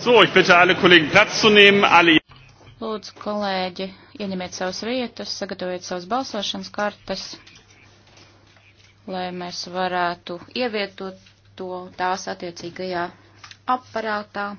So, ich bitte alle Kollegen Platz zu nehmen, alle. Lūdzu, kolēģi, ieņemiet savas vietas, sagatavojiet savas balsošanas kartes, lai mēs varētu ievietot to tās attiecīgajā aparātā.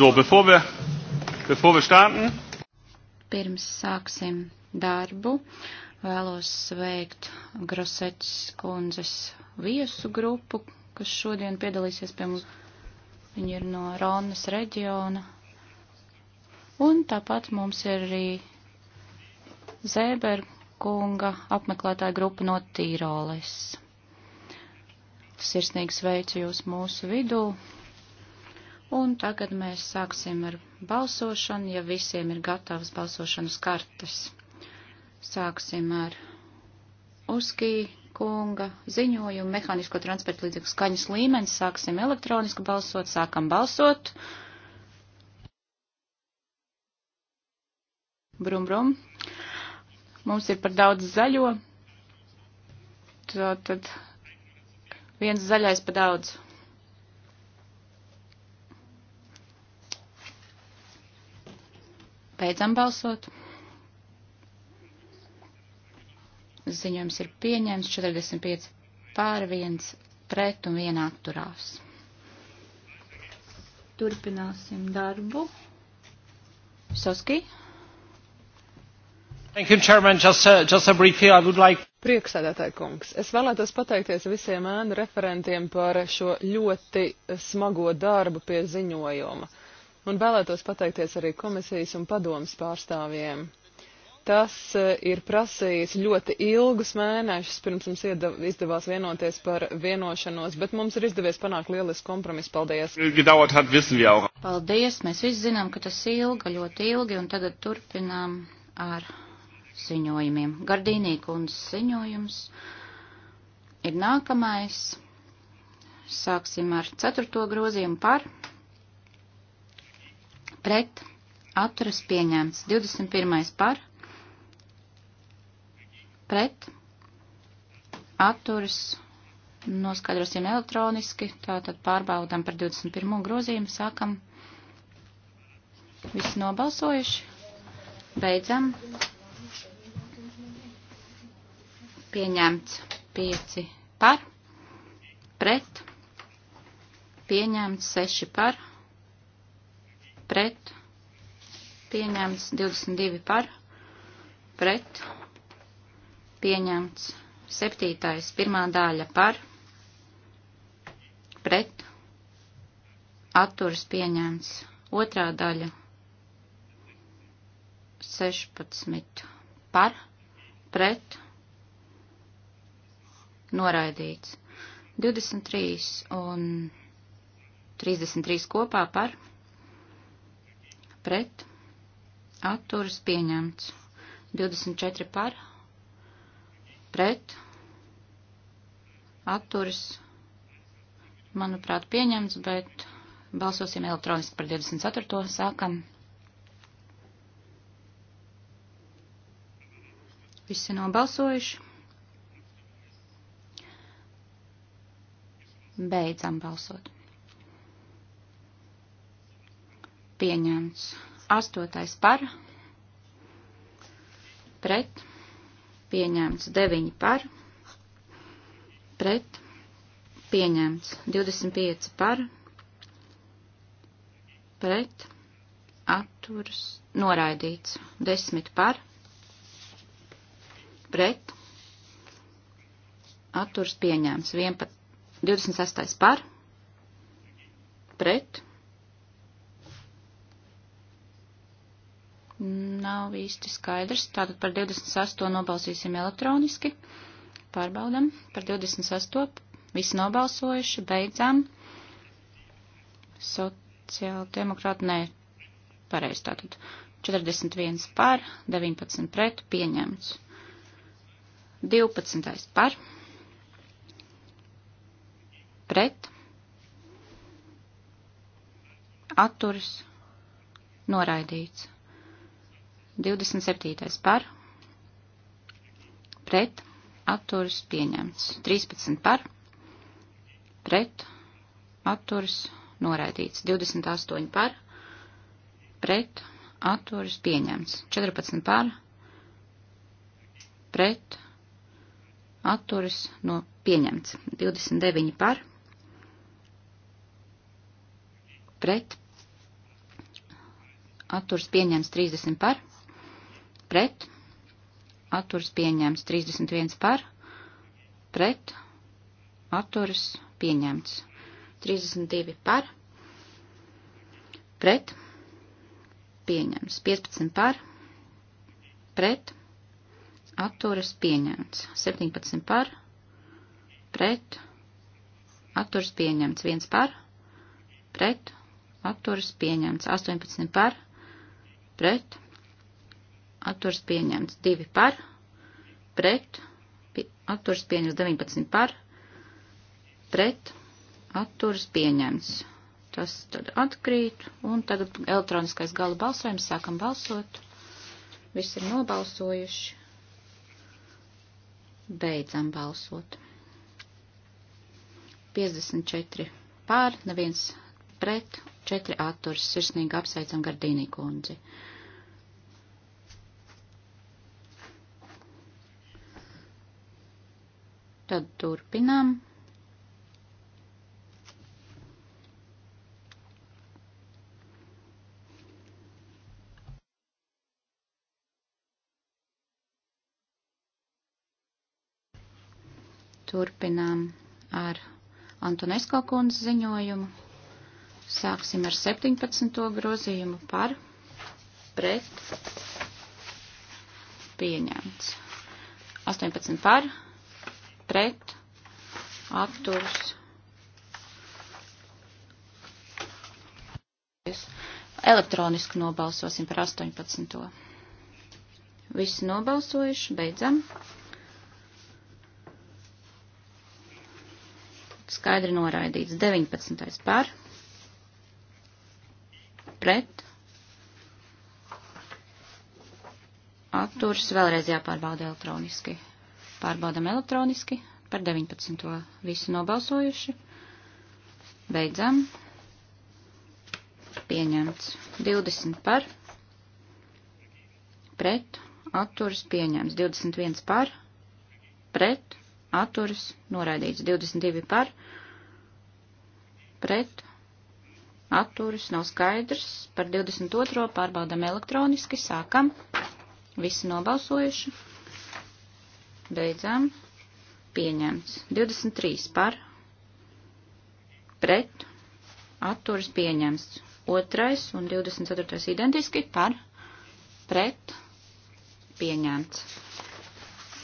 So, bevor wir, bevor wir starten. Pirms sāksim darbu, vēlos sveikt Grosets kundzes viesu grupu, kas šodien piedalīsies pie mums. Viņi ir no Ronas reģiona. Un tāpat mums ir arī Zēberkunga apmeklētāja grupa no Tīroles. Sirsnīgi sveicu jūs mūsu vidū Un tagad mēs sāksim ar balsošanu, ja visiem ir gatavas balsošanas kartes. Sāksim ar Uskī kunga ziņojumu mehānisko transporta līdzekļu skaņas līmenis. Sāksim elektroniski balsot, sākam balsot. Brum, brum. Mums ir par daudz zaļo. Tātad viens zaļais par daudz. Beidzam balsot. Ziņojums ir pieņemts 45 pār 1 pret un 1 atturās. Turpināsim darbu. Soski. Thank you, Chairman. Just, uh, just a briefly, I would like. Prieksēdētāji kungs, es vēlētos pateikties visiem ēnu referentiem par šo ļoti smago darbu pie ziņojuma. Uh, un vēlētos pateikties arī komisijas un padomas pārstāvjiem. Tas e, ir prasījis ļoti ilgus mēnešus, pirms mums iedav, izdevās vienoties par vienošanos, bet mums ir izdevies panākt lielisku kompromisu. Paldies! Paldies! Mēs visi zinām, ka tas ilga ļoti ilgi, un tagad turpinām ar ziņojumiem. Gardīnī kundzes ziņojums ir nākamais. Sāksim ar ceturto grozījumu par pret, atturas pieņemts. 21. par, pret, atturas noskaidrosim elektroniski, tātad pārbaudām par 21. grozījumu, sākam. Visi nobalsojuši, beidzam. Pieņemts 5 par, pret, pieņemts 6 par pret, pieņemts 22 par, pret, pieņemts 7. pirmā daļa par, pret, atturas pieņemts otrā daļa 16 par, pret, noraidīts 23 un 33 kopā par, pret, pret, atturas pieņemts. 24 par, pret, atturas, manuprāt, pieņemts, bet balsosim elektroniski par 24. sākam. Visi nobalsojuši. Beidzam balsot. pieņemts. Astotais par, pret, pieņemts. Deviņi par, pret, pieņemts. 25 par, pret, atturs, noraidīts. 10 par, pret, atturs pieņēmts. 11, 26 par, pret, Nav īsti skaidrs. Tātad par 28 nobalsīsim elektroniski. Pārbaudam. Par 28 visi nobalsojuši. Beidzam. Sociāldemokrāti, nē, pareizi tātad. 41 par, 19 pret, pieņemts. 12 par, pret, atturis, noraidīts. 27. par, pret, atturas pieņemts. 13 par, pret, atturas noraidīts. 28 par, pret, atturas pieņemts. 14 par, pret, atturas no pieņemts. 29 par, pret, atturas pieņemts. 30 par, pret, atturas pieņemts. 31 par, pret, atturas pieņemts. 32 par, pret, pieņemts. 15 par, pret, atturas pieņemts. 17 par, pret, atturas pieņemts. 1 par, pret, atturas pieņemts. 18 par, pret, atturs pieņemts 2 par, pret, atturs pieņemts 19 par, pret, atturs pieņemts. Tas tad atkrīt, un tagad elektroniskais gala balsojums, sākam balsot. Visi ir nobalsojuši. Beidzam balsot. 54 pār, neviens pret, 4 atturs, sirsnīgi apsveicam Gardīnī kundzi. Uh, Tad turpinām. Turpinām ar Antonesko kundzes ziņojumu. Sāksim ar 17. grozījumu par pret pieņemts. 18 par pret, apturs. Elektroniski nobalsosim par 18. Visi nobalsojuši, beidzam. Skaidri noraidīts 19. par, pret, atturs, vēlreiz jāpārbauda elektroniski. Pārbaudam elektroniski par 19. Visi nobalsojuši. Beidzam. Pieņemts. 20 par. Pret. Atturas pieņemts. 21 par. Pret. Atturas noraidīts. 22 par. Pret. Atturas nav skaidrs. Par 22. pārbaudam elektroniski. Sākam. Visi nobalsojuši. Beidzam. Pieņemts. 23 par. Pret. Atturas pieņemts. Otrais un 24. identiski par. Pret. Pieņemts.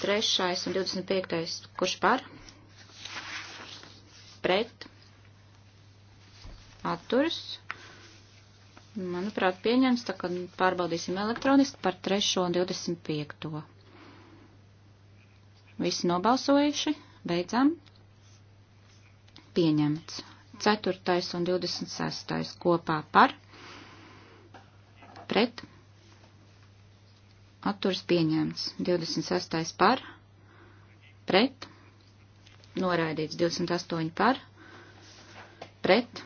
Trešais un 25. kurš par. Pret. Atturas. Manuprāt, pieņems, tā kā pārbaudīsim elektroniski par 3. un 25. Visi nobalsojuši, beidzam. Pieņemts. 4. un 26. kopā par, pret, atturs pieņemts. 26. par, pret, noraidīts. 28. par, pret,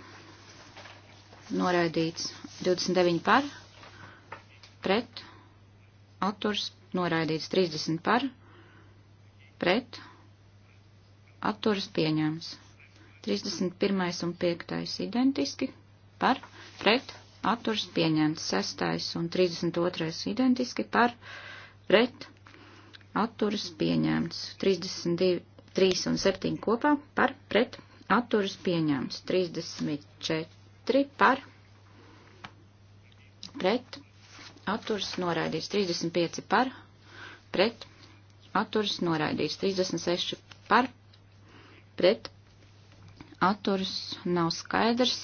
noraidīts. 29 par, pret, atturs, noraidīts. 30 par, pret pret, atturas pieņēmts. 31. un 5. identiski par, pret, atturas pieņēmts. 6. un 32. identiski par, pret, atturas pieņēmts. 32, 3 un 7 kopā par, pret, atturas pieņēmts. 34 par, pret, atturas noraidīts. 35 par, pret, atturas noraidīts. 36 par pret atturas nav skaidrs.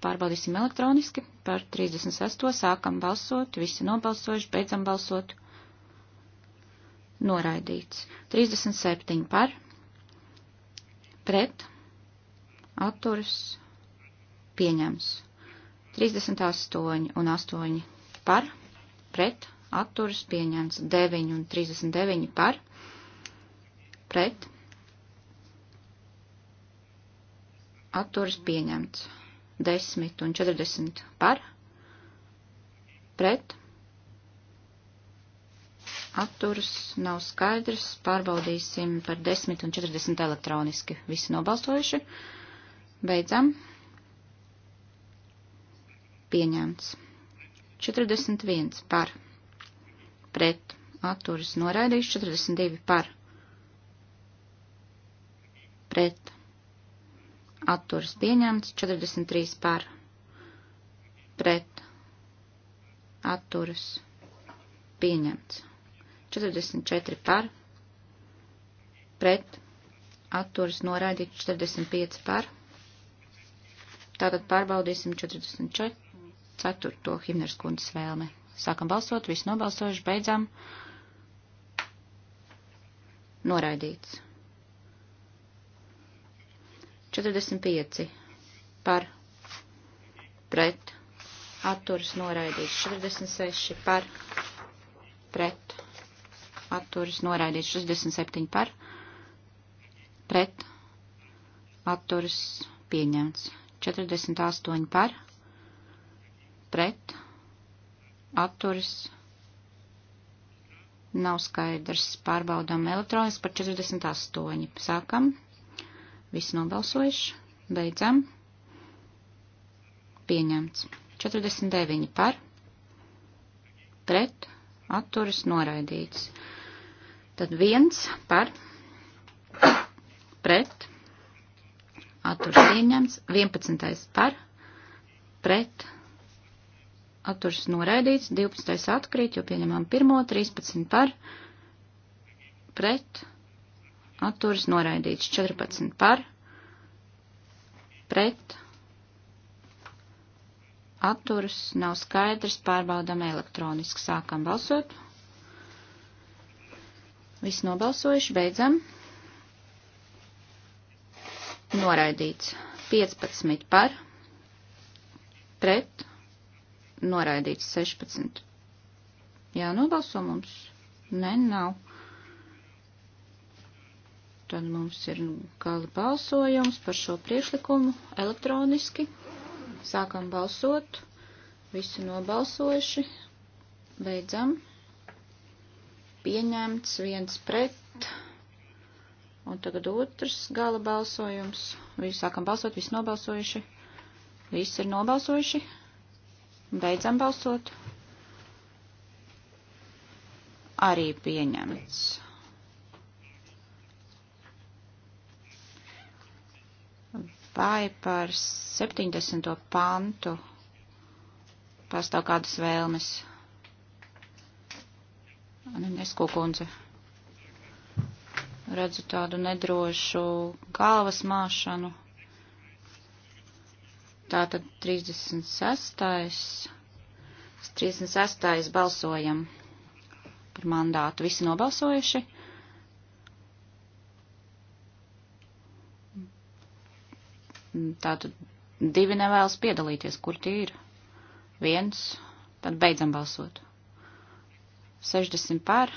Pārbaudīsim elektroniski. Par 36. sākam balsot. Visi nobalsojuši. Beidzam balsot. Noraidīts. 37 par pret atturas pieņems. 38 un 8 par pret atturas pieņemts 9 un 39 par, pret, atturas pieņemts 10 un 40 par, pret, atturas nav skaidrs, pārbaudīsim par 10 un 40 elektroniski. Visi nobalstojuši, beidzam, pieņemts 41 par, pret pret atturas noraidīts, 42 par pret atturas pieņemts, 43 par pret atturas pieņemts, 44 par pret atturas noraidīts, 45 par pret. Tātad pārbaudīsim 44. himners kundas vēlme. Sākam balsot, visi nobalsojuši, beidzam. Noraidīts. 45 par pret atturas noraidīts. 46 par pret atturas noraidīts. 67 par pret atturas pieņemts. 48 par pret atturas nav skaidrs. Pārbaudām elektroniski par 48. Sākam. Viss nobalsojuši. Beidzam. Pieņemts. 49 par. Pret. Atturas noraidīts. Tad viens par. Pret. Atturas pieņemts. 11. par. Pret atturs noraidīts, 12. atkrīt, jo pieņemām pirmo, 13 par, pret, atturs noraidīts, 14 par, pret, atturs nav skaidrs, pārbaudām elektroniski, sākam balsot. Viss nobalsojuši, beidzam. Noraidīts 15 par, pret, noraidīts 16. Jā, nobalso mums? Nē, nav. Tad mums ir nu, gala balsojums par šo priekšlikumu elektroniski. Sākam balsot. Visi nobalsojuši. Beidzam. Pieņemts viens pret. Un tagad otrs gala balsojums. Visi sākam balsot, visi nobalsojuši. Visi ir nobalsojuši. Beidzam balsot. Arī pieņemts. Vai par 70. pantu pastāv kādas vēlmes? Nesko kundze. Redzu tādu nedrošu galvas māšanu. Tātad 36. 36. balsojam par mandātu. Visi nobalsojuši. Tātad divi nevēlas piedalīties, kur tie ir. Viens, tad beidzam balsot. 60 par,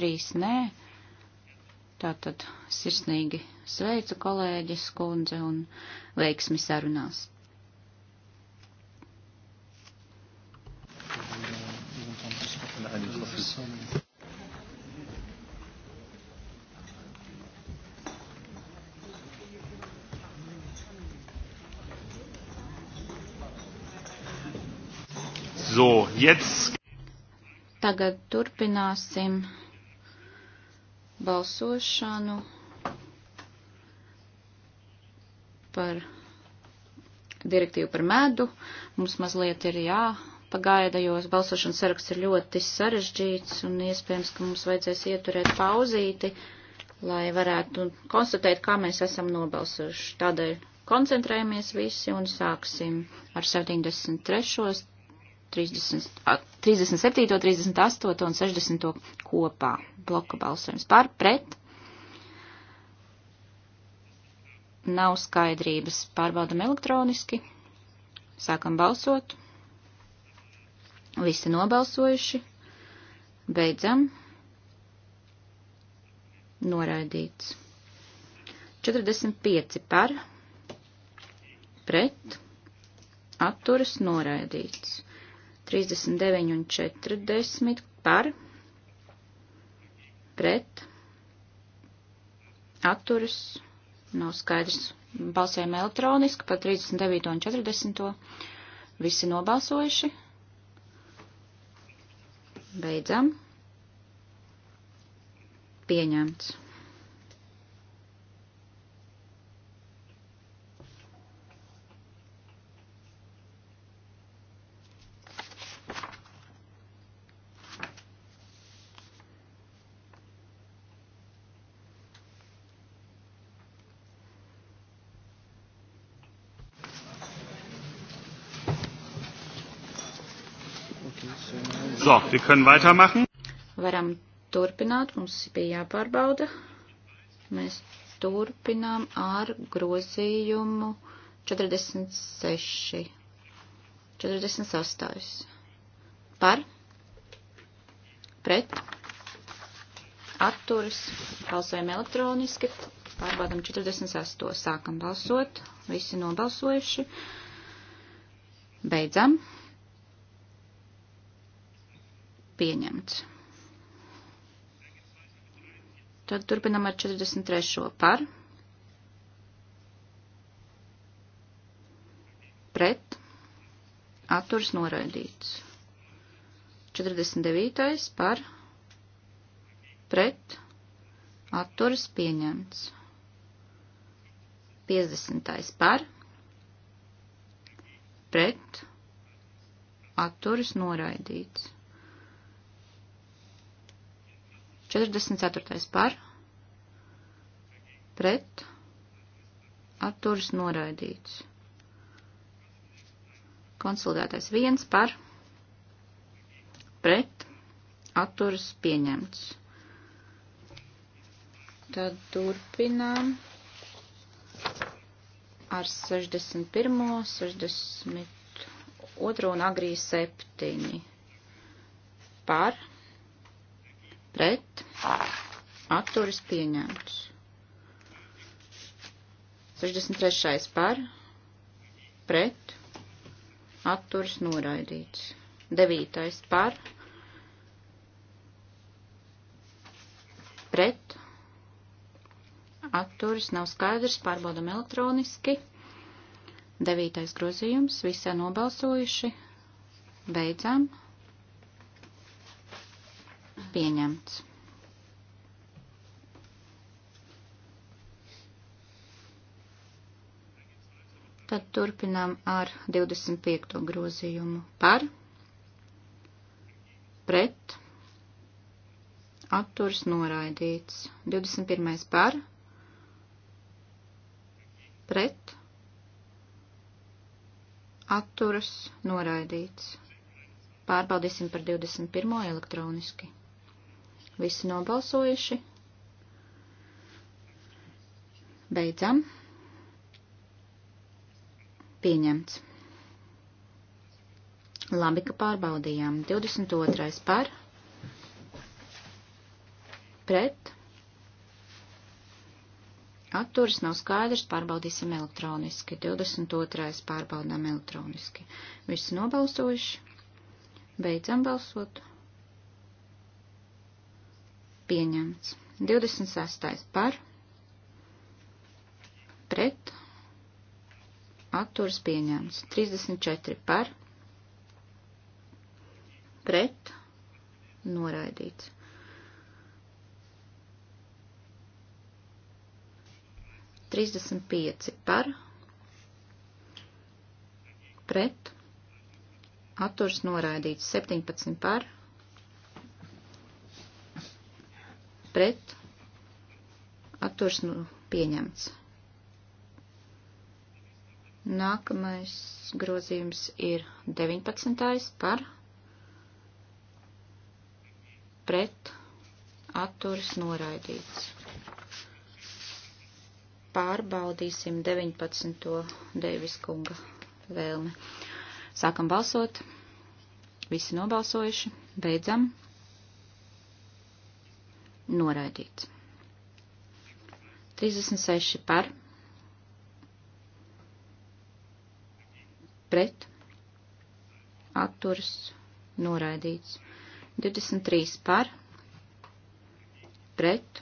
3 nē. Tātad sirsnīgi sveicu kolēģis, kundze un veiksmi sarunās. So many. So, jetzt. Tagad turpināsim balsošanu par direktīvu par medu. Mums mazliet ir jā pagaida, jo balsošanas saraksts ir ļoti sarežģīts un iespējams, ka mums vajadzēs ieturēt pauzīti, lai varētu konstatēt, kā mēs esam nobalsojuši. Tādēļ koncentrējamies visi un sāksim ar 73. 30, 37, 38 un 60 kopā bloka balsojums par pret. Nav skaidrības. Pārbaudam elektroniski. Sākam balsot. Visi nobalsojuši. Beidzam. Noraidīts. 45 par. Pret. Atturas noraidīts. 39 un 40 par. Pret. Atturas nav skaidrs. Balsējam elektroniski par 39 un 40. Visi nobalsojuši. Beidzam. Pieņemts. So, wir können weitermachen. Varam turpināt, mums bija jāpārbauda. Mēs turpinām ar grozījumu 46, 48. Par, pret, atturas, balsojam elektroniski, pārbaudam 48, sākam balsot, visi nobalsojuši, beidzam pieņemts. Tad turpinam ar 43. par. Pret. Atturs noraidīts. 49. par. Pret. Atturs pieņemts. 50. par. Pret. Atturs noraidīts. 44. par, pret, atturas noraidīts. Konsolidētais 1 par, pret, atturas pieņemts. Tad turpinām ar 61, 62 un agrī 7 par pret, atturas pieņemts. 63. par, pret, atturas noraidīts. 9. par, pret, atturas nav skaidrs, pārbaudam elektroniski. 9. grozījums, visi nobalsojuši, beidzam pieņemts. Tad turpinām ar 25. grozījumu par, pret, atturs noraidīts. 21. par, pret, atturs noraidīts. Pārbaudīsim par 21. elektroniski. Visi nobalsojuši. Beidzam. Pieņemts. Labi, ka pārbaudījām. 22. par. Pret. Atturis nav skaidrs, pārbaudīsim elektroniski. 22. pārbaudām elektroniski. Visi nobalsojuši. Beidzam balsot pieņemts. 26. par, pret, atturs pieņemts. 34. par, pret, noraidīts. Trīsdesmit pieci par, pret, atturs noraidīts, septiņpadsmit par, pret atturs nu, pieņemts. Nākamais grozījums ir 19. par pret atturs noraidīts. Pārbaudīsim 19. Deivis kunga vēlmi. Sākam balsot. Visi nobalsojuši. Beidzam. Noraidīts. 36 par. Pret. Atturs. Noraidīts. 23 par. Pret.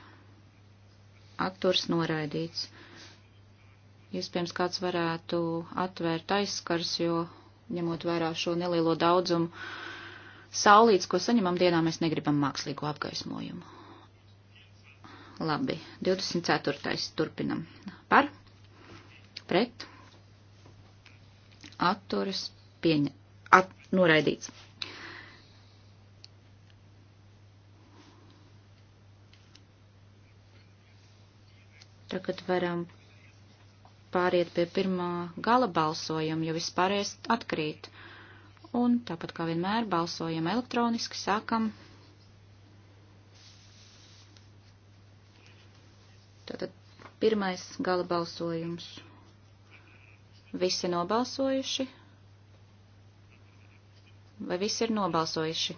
Atturs. Noraidīts. Iespējams, kāds varētu atvērt aizskars, jo ņemot vērā šo nelielo daudzumu saulītes, ko saņemam dienā, mēs negribam mākslīgo apgaismojumu. Labi, 24. turpinam. Par, pret, atturas, pieņa, at, noraidīts. Tagad varam pāriet pie pirmā gala balsojuma, jo vispārējais atkrīt. Un tāpat kā vienmēr balsojam elektroniski, sākam Pirmais gala balsojums. Visi nobalsojuši? Vai visi ir nobalsojuši?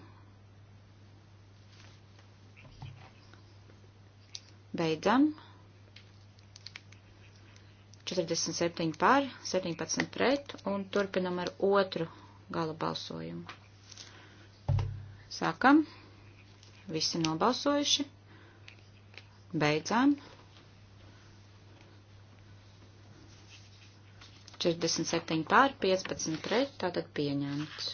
Beidzam. 47 pār, 17 pret un turpinam ar otru gala balsojumu. Sākam. Visi nobalsojuši. Beidzam. 47 pār 15 pret, tātad pieņemts.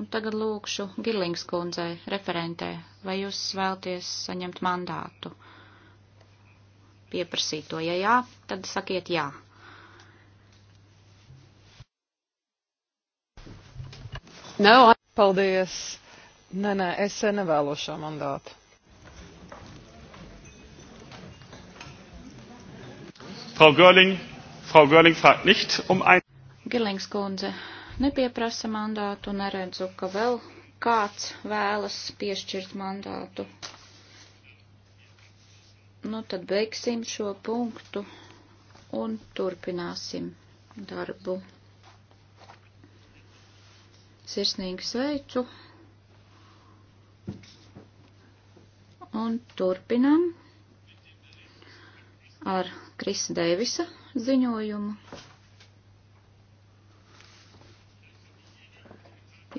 Un tagad lūkšu Girlings kundzei, referentē, vai jūs vēlties saņemt mandātu? Pieprasīt to, ja jā, tad sakiet jā. No, paldies. Nē, nē, es nevēlos šo mandātu. Frau Görling, Frau Görling fragt nicht um ein. Girlings kundze nepieprasa mandātu un neredzu, ka vēl kāds vēlas piešķirt mandātu. Nu tad beigsim šo punktu un turpināsim darbu. Sirsnīgi sveicu un turpinam ar Krisa Deivisa ziņojumu.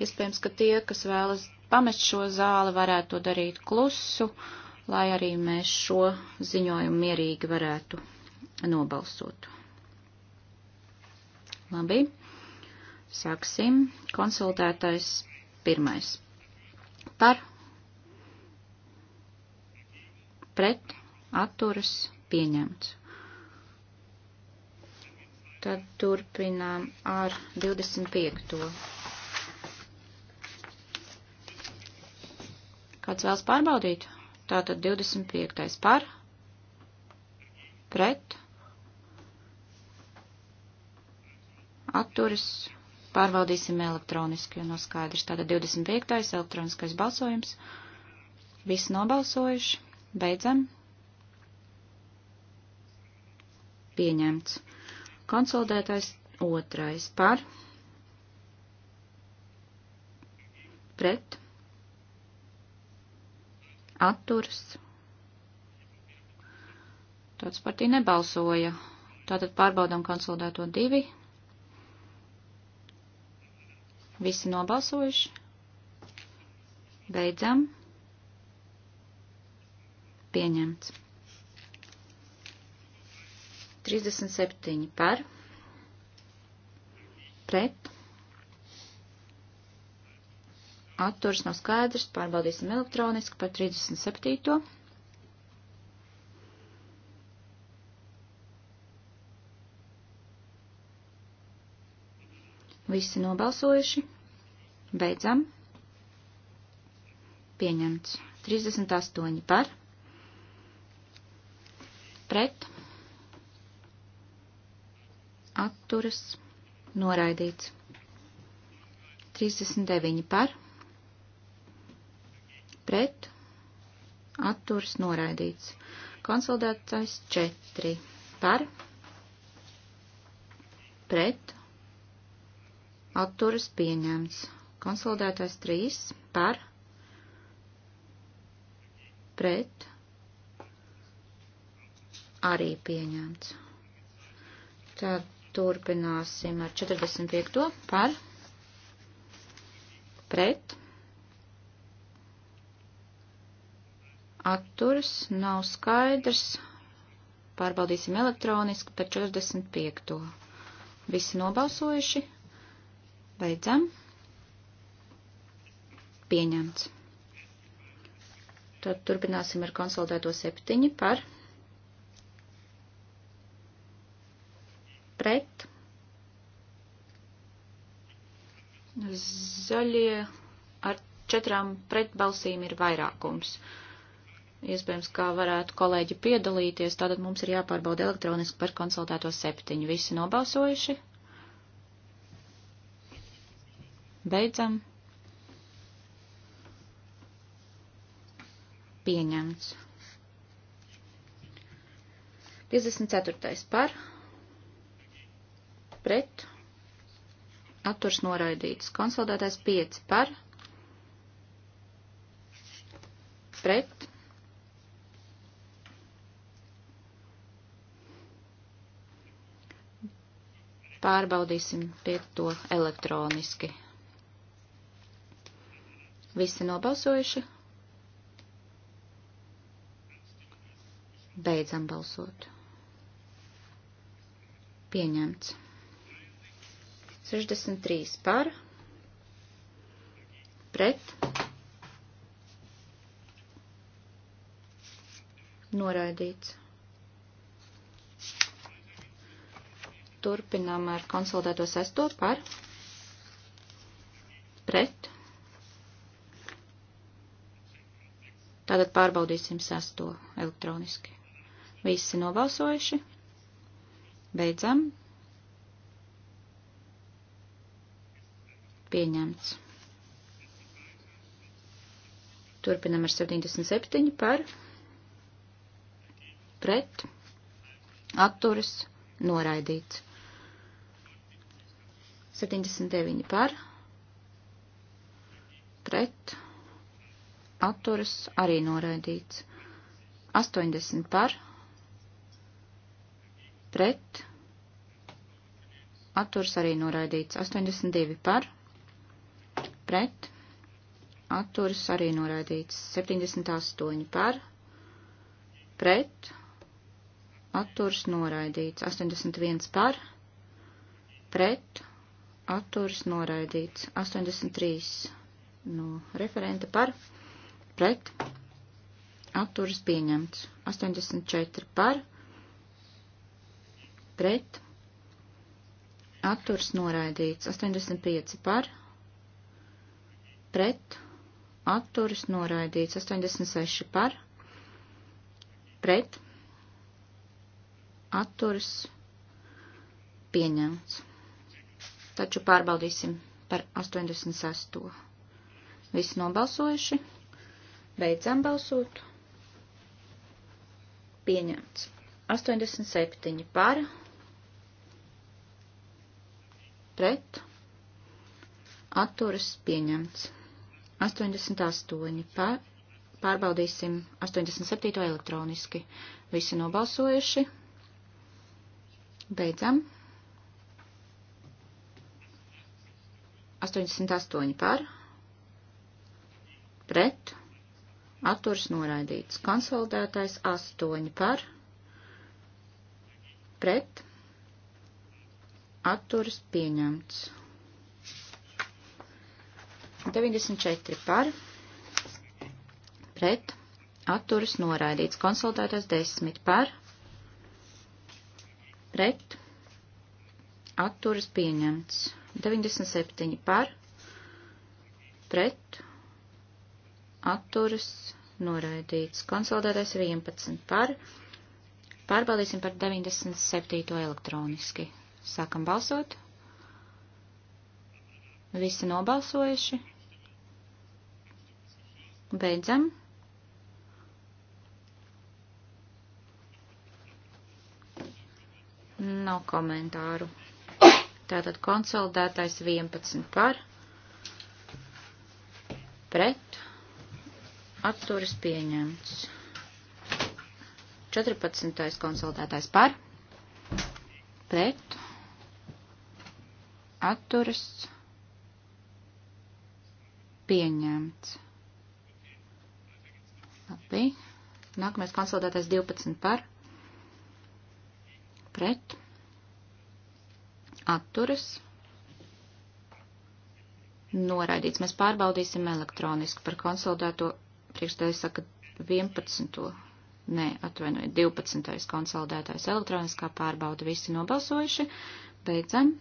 Iespējams, ka tie, kas vēlas pamest šo zāli, varētu to darīt klusu, lai arī mēs šo ziņojumu mierīgi varētu nobalsot. Labi, sāksim. Konsultētais pirmais. Par pret atturas pieņemts. Tad turpinām ar 25. Kāds vēlas pārbaudīt? Tātad 25. par, pret, atturis, pārbaudīsim elektroniski, jo nav no skaidrs. Tātad 25. elektroniskais balsojums. Visi nobalsojuši, beidzam. Pieņemts. Konsolidētais otrais par pret atturs. Tāds partija nebalsoja. Tātad pārbaudām konsolidēto divi. Visi nobalsojuši. Beidzam. Pieņemts. 37 par, pret, atturs nav skaidrs, pārbaudīsim elektroniski par 37. Visi nobalsojuši. Beidzam. Pieņemts. 38 par. Pret atturas noraidīts. 39 par, pret, atturas noraidīts. Konsolidētais 4 par, pret, atturas pieņemts. Konsolidētais 3 par, pret, arī pieņemts. Tad Turpināsim ar 45. par pret atturas nav skaidrs. Pārbaudīsim elektroniski par 45. Visi nobalsojuši. Beidzam. Pieņemts. Tad turpināsim ar konsultēto septiņi par pret. Zaļie ar četrām pretbalsīm ir vairākums. Iespējams, kā varētu kolēģi piedalīties, tātad mums ir jāpārbauda elektroniski par konsultēto septiņu. Visi nobalsojuši? Beidzam. Pieņemts. 54. par pret, atturs noraidīts. Konsolidētais 5 par, pret, pārbaudīsim pie to elektroniski. Visi nobalsojuši? Beidzam balsot. Pieņemts. 63 par, pret, noraidīts. Turpinām ar konsolidēto sesto par, pret. Tātad pārbaudīsim sesto elektroniski. Visi nobalsojuši. Beidzam pieņemts. Turpinam ar 77 par pret atturas noraidīts. 79 par pret atturas arī noraidīts. 80 par pret atturas arī noraidīts. 82 par pret, atturas arī noraidīts. 78 par, pret, atturas noraidīts. 81 par, pret, atturas noraidīts. 83 no referenta par, pret, atturas pieņemts. 84 par, pret, atturas noraidīts. 85 par, pret pret, atturas noraidīts. 86 par, pret, atturas pieņemts. Taču pārbaudīsim par 86. Visi nobalsojuši, beidzam balsot, pieņemts. 87 par, pret, atturas pieņemts. 88. Pār, pārbaudīsim 87. elektroniski. Visi nobalsojuši. Beidzam. 88 par. Pret. Atturs noraidīts. Konsolidētais 8 par. Pret. Atturs pieņemts. 94 par, pret, atturas noraidīts. Konsultētājs 10 par, pret, atturas pieņemts. 97 par, pret, atturas noraidīts. Konsultētājs 11 par, pārbaudīsim par 97 elektroniski. Sākam balsot. Visi nobalsojuši. Beidzam. Nav komentāru. Tātad konsolidētais 11 par, pret, atturis pieņemts. 14. konsolidētais par, pret, atturis pieņemts bija. Nākamais konsolidētais 12 par pret atturas noraidīts. Mēs pārbaudīsim elektroniski par konsolidēto priekšstādāju saka 11. Nē, atvainojiet, 12. konsolidētājs elektroniskā pārbauda visi nobalsojuši. Beidzam.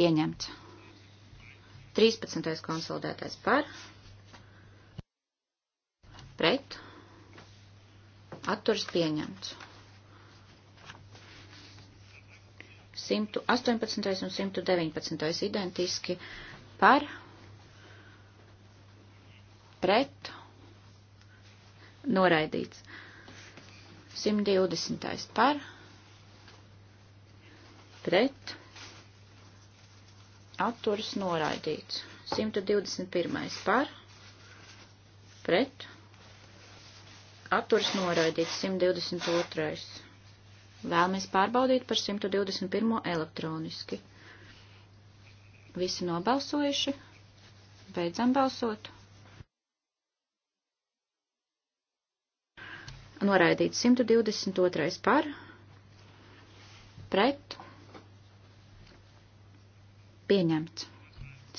Pieņemts. 13. konsolidētājs par pret, atturas pieņemts. 118. un 119. identiski par, pret, noraidīts. 120. par, pret, atturas noraidīts. 121. par, pret, atturas noraidīts 122. Vēlamies pārbaudīt par 121. elektroniski. Visi nobalsojuši. Beidzam balsot. Noraidīts 122. par. Pret. Pieņemts.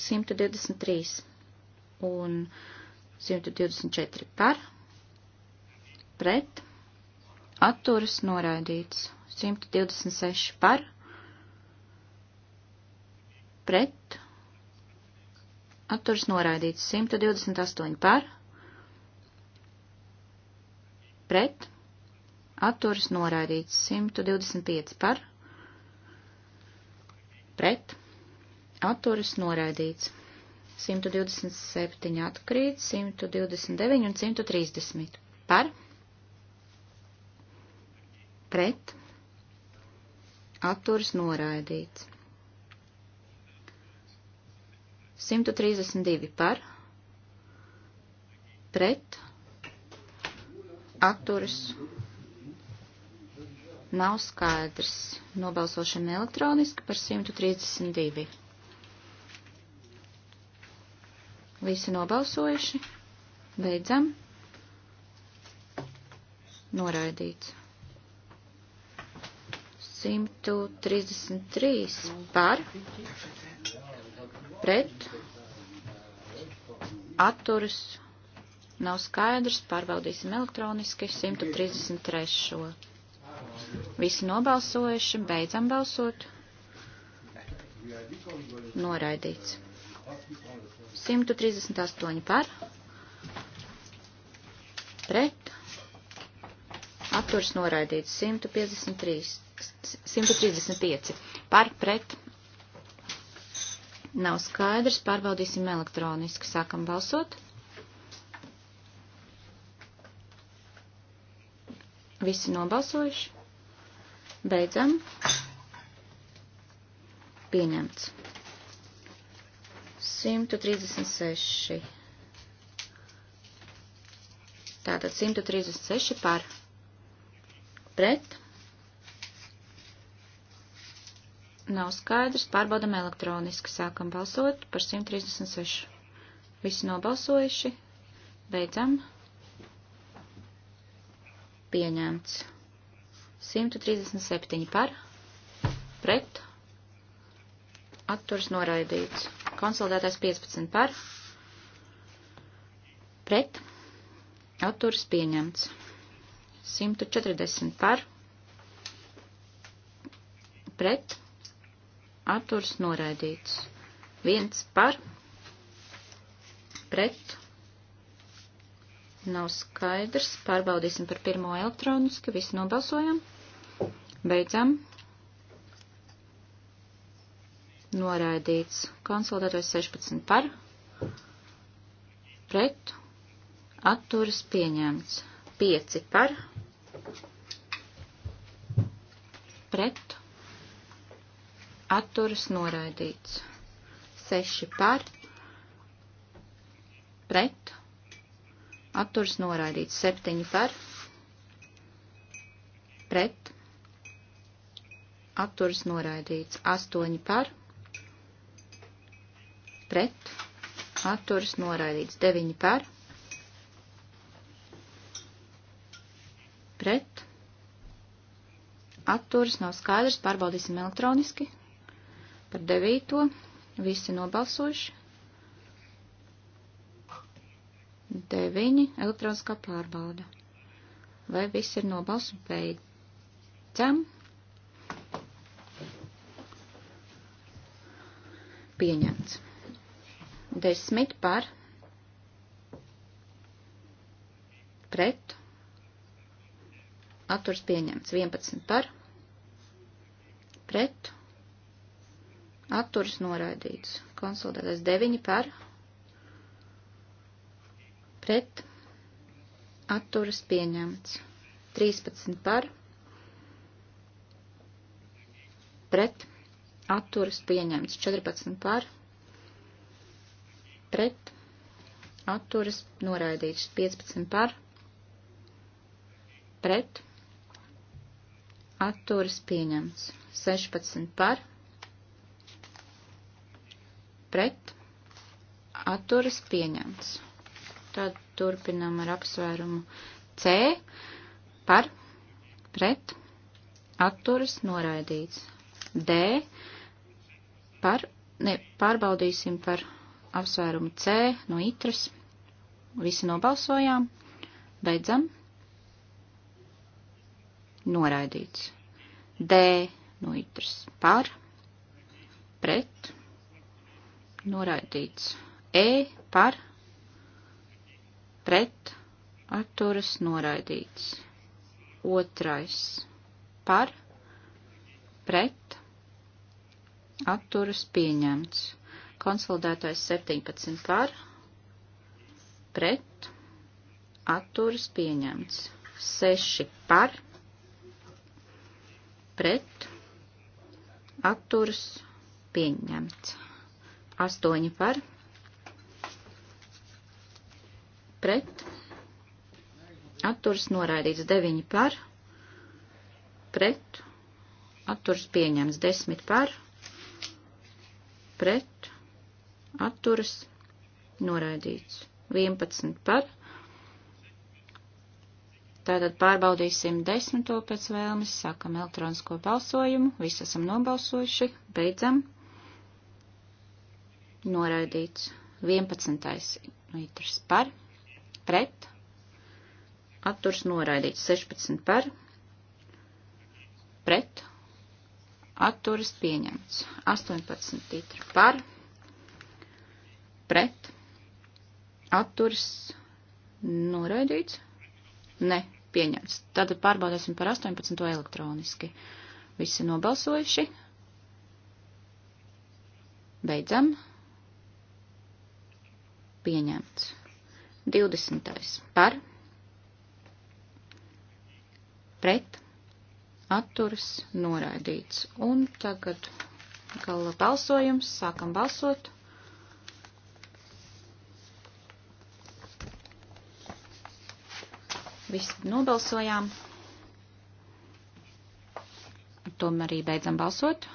123 un 124 par pret, atturas noraidīts. 126 par, pret, atturas noraidīts. 128 par, pret, atturas noraidīts. 125 par, pret, atturas noraidīts. 127 atkrīt, 129 un 130 par pret, atturas noraidīts. 132 par, pret, atturas, nav skaidrs. Nobalsošana elektroniski par 132. Visi nobalsojuši, beidzam, noraidīts. 133 par pret atturas nav skaidrs, pārbaudīsim elektroniski 133. Visi nobalsojuši, beidzam balsot. Noraidīts. 138 par pret atturas noraidīts 153 135 par pret. Nav skaidrs, pārbaudīsim elektroniski. Sākam balsot. Visi nobalsojuši. Beidzam. Pieņemts. 136. Tātad 136 par pret nav skaidrs, pārbaudam elektroniski, sākam balsot par 136. Visi nobalsojuši, beidzam. Pieņemts. 137 par, pret, atturs noraidīts. Konsolidētais 15 par, pret, atturs pieņemts. 140 par, pret, atturs noraidīts. Viens par, pret, nav skaidrs, pārbaudīsim par pirmo elektroniski, visi nobalsojam, beidzam, noraidīts, konsultētājs 16 par, pret, atturas pieņemts, 5 par, pret, atturas noraidīts. 6 par, pret, atturas noraidīts. 7 par, pret, atturas noraidīts. 8 par, pret, atturas noraidīts. 9 par, pret, atturas nav skaidrs, pārbaudīsim elektroniski par devīto. Visi nobalsojuši. Deviņi elektroniskā pārbauda. Vai viss ir nobalsu beidzam? Pieņemts. Desmit par pret. Atturs pieņemts. 11 par pret atturas noraidīts. Konsolidētais 9 par pret atturas pieņemts. 13 par pret atturas pieņemts. 14 par pret atturas noraidīts. 15 par pret atturas pieņemts. 16 par pret pret atturas pieņemts. Tad turpinam ar apsvērumu C par pret atturas noraidīts. D par, ne, pārbaudīsim par apsvērumu C no itras. Visi nobalsojām, beidzam. Noraidīts. D no itras par pret noraidīts. E par pret atturas noraidīts. Otrais par pret atturas pieņemts. Konsolidētais 17 par pret atturas pieņemts. 6 par pret atturas pieņemts. 8 par, pret, atturs noraidīts 9 par, pret, atturs pieņems 10 par, pret, atturs noraidīts 11 par. Tātad pārbaudīsim desmito pēc vēlmes, sākam elektronisko balsojumu, visi esam nobalsojuši, beidzam noraidīts. 11. litrs par, pret, atturs noraidīts. 16 par, pret, atturs pieņemts. 18 litri par, pret, atturs noraidīts. Ne, pieņemts. Tad pārbaudīsim par 18. elektroniski. Visi nobalsojuši. Beidzam pieņemts. 20. par, pret, atturas, noraidīts. Un tagad gala balsojums, sākam balsot. Visi nobalsojām. Tomēr arī beidzam balsot.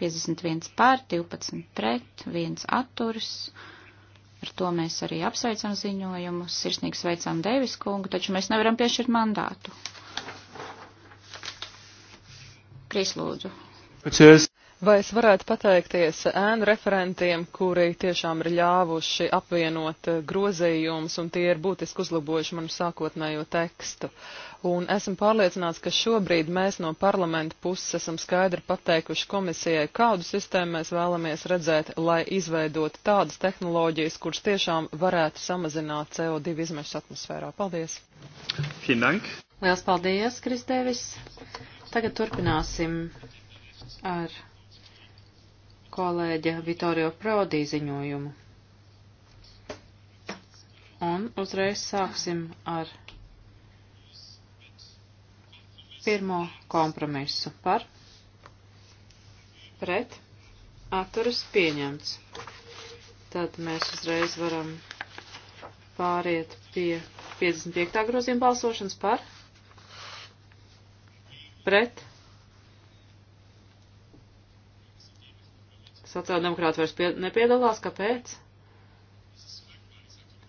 51 pār, 12 pret, 1 atturas. Ar to mēs arī apsveicam ziņojumu, sirsnīgi sveicam Deivis kungu, taču mēs nevaram piešķirt mandātu. Krīslūdzu. Paldies. Vai es varētu pateikties ēnu referentiem, kuri tiešām ir ļāvuši apvienot eh, grozījumus, un tie ir būtiski uzlabojuši manu sākotnējo tekstu. Un esmu pārliecināts, ka šobrīd mēs no parlamenta puses esam skaidri pateikuši komisijai, kādu sistēmu mēs vēlamies redzēt, lai izveidot tādas tehnoloģijas, kuras tiešām varētu samazināt CO2 izmešas atmosfērā. Paldies! Finank. Liels paldies, Kristēvis! Tagad turpināsim ar kolēģa Vitorio Prodi ziņojumu. Un uzreiz sāksim ar pirmo kompromisu par pret atturas pieņemts. Tad mēs uzreiz varam pāriet pie 55. grozījuma balsošanas par pret Sociāldemokrāti vairs pie, nepiedalās, kāpēc?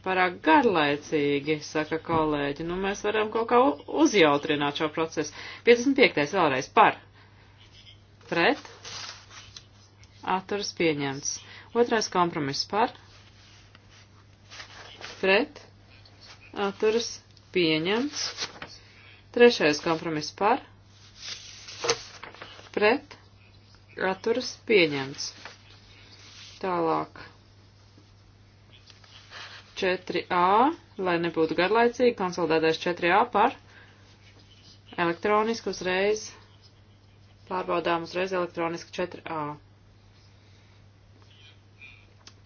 Parāk garlaicīgi, saka kolēģi, nu mēs varam kaut kā uzjautrināt šo procesu. 55. vēlreiz par. Pret. Atturas pieņemts. Otrais kompromiss par. Pret. Atturas pieņemts. Trešais kompromiss par, pret, atturas pieņemts. Tālāk. 4A, lai nebūtu garlaicīgi, konsolidētais 4A par elektronisku uzreiz, pārbaudām uzreiz elektronisku 4A.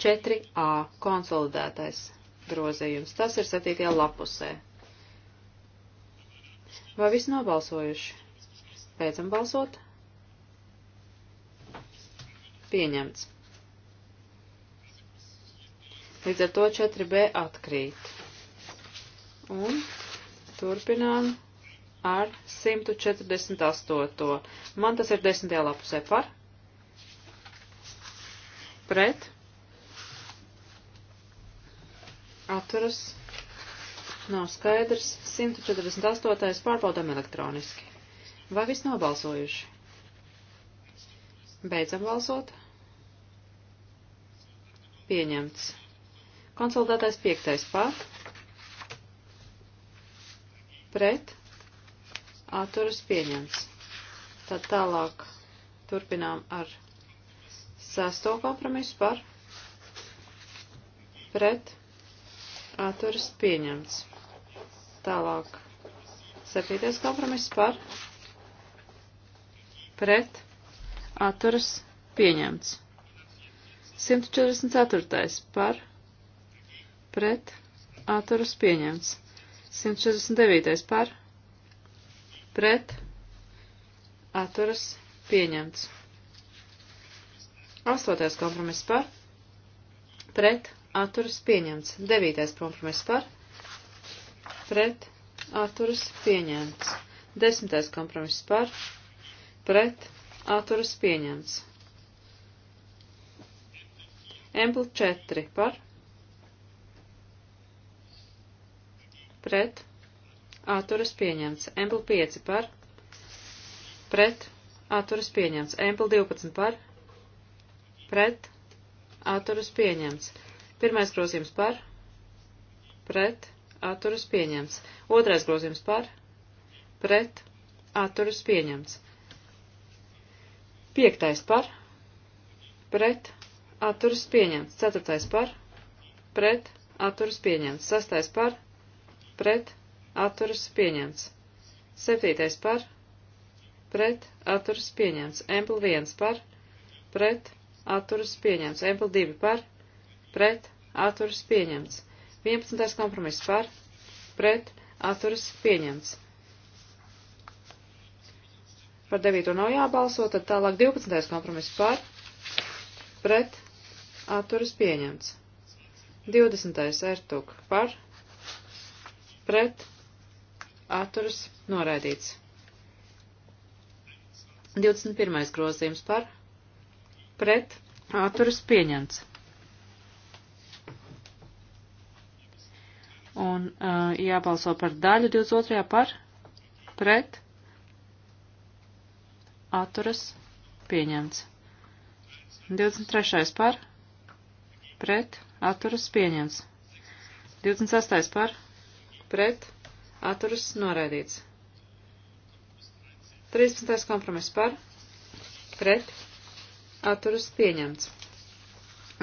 4A, konsolidētais grozījums. Tas ir 7. lapusē. Vai viss nobalsojuši? Beidzam balsot. Pieņemts. Līdz ar to 4B atkrīt. Un turpinām ar 148. Man tas ir desmitajā lapusē par. Pret. Atturas. Nav skaidrs. 148. pārbaudām elektroniski. Vai viss nobalsojuši? Beidzam balsot. Pieņemts. Konsolidētais piektais par, pret, atturas pieņemts. Tad tālāk turpinām ar sesto kompromisu par, pret, atturas pieņemts. Tālāk septītais kompromiss par, pret, atturas pieņemts. 144. par, pret, pret atturas pieņemts. 149. par pret atturas pieņemts. 8. kompromiss par pret atturas pieņemts. 9. kompromiss par pret atturas pieņemts. 10. kompromiss par pret atturas pieņemts. Empl 4 par pret, atturas pieņemts. Empl 5 par, pret, atturas pieņemts. Empl 12 par, pret, atturas pieņemts. Pirmais grozījums par, pret, atturas pieņemts. Otrais grozījums par, pret, atturas pieņemts. Piektais par, pret, atturas pieņemts. Ceturtais par, pret, atturas pieņemts. Sastais par, pret, atturas pieņemts. Septītais par, pret, atturas pieņemts. Empl viens par, pret, atturas pieņemts. Empl divi par, pret, atturas pieņemts. Vienpadsmitais kompromiss par, pret, atturas pieņemts. Par devīto nav jābalso, tad tālāk 12. kompromiss par, pret, atturas pieņemts. 20. ertuk par, pret atturas noraidīts. 21. grozījums par pret atturas pieņemts. Un uh, jābalso par daļu 22. par pret atturas pieņemts. 23. par pret atturas pieņemts. 26. par pret, atturas noraidīts. 13. kompromiss par, pret, atturas pieņemts.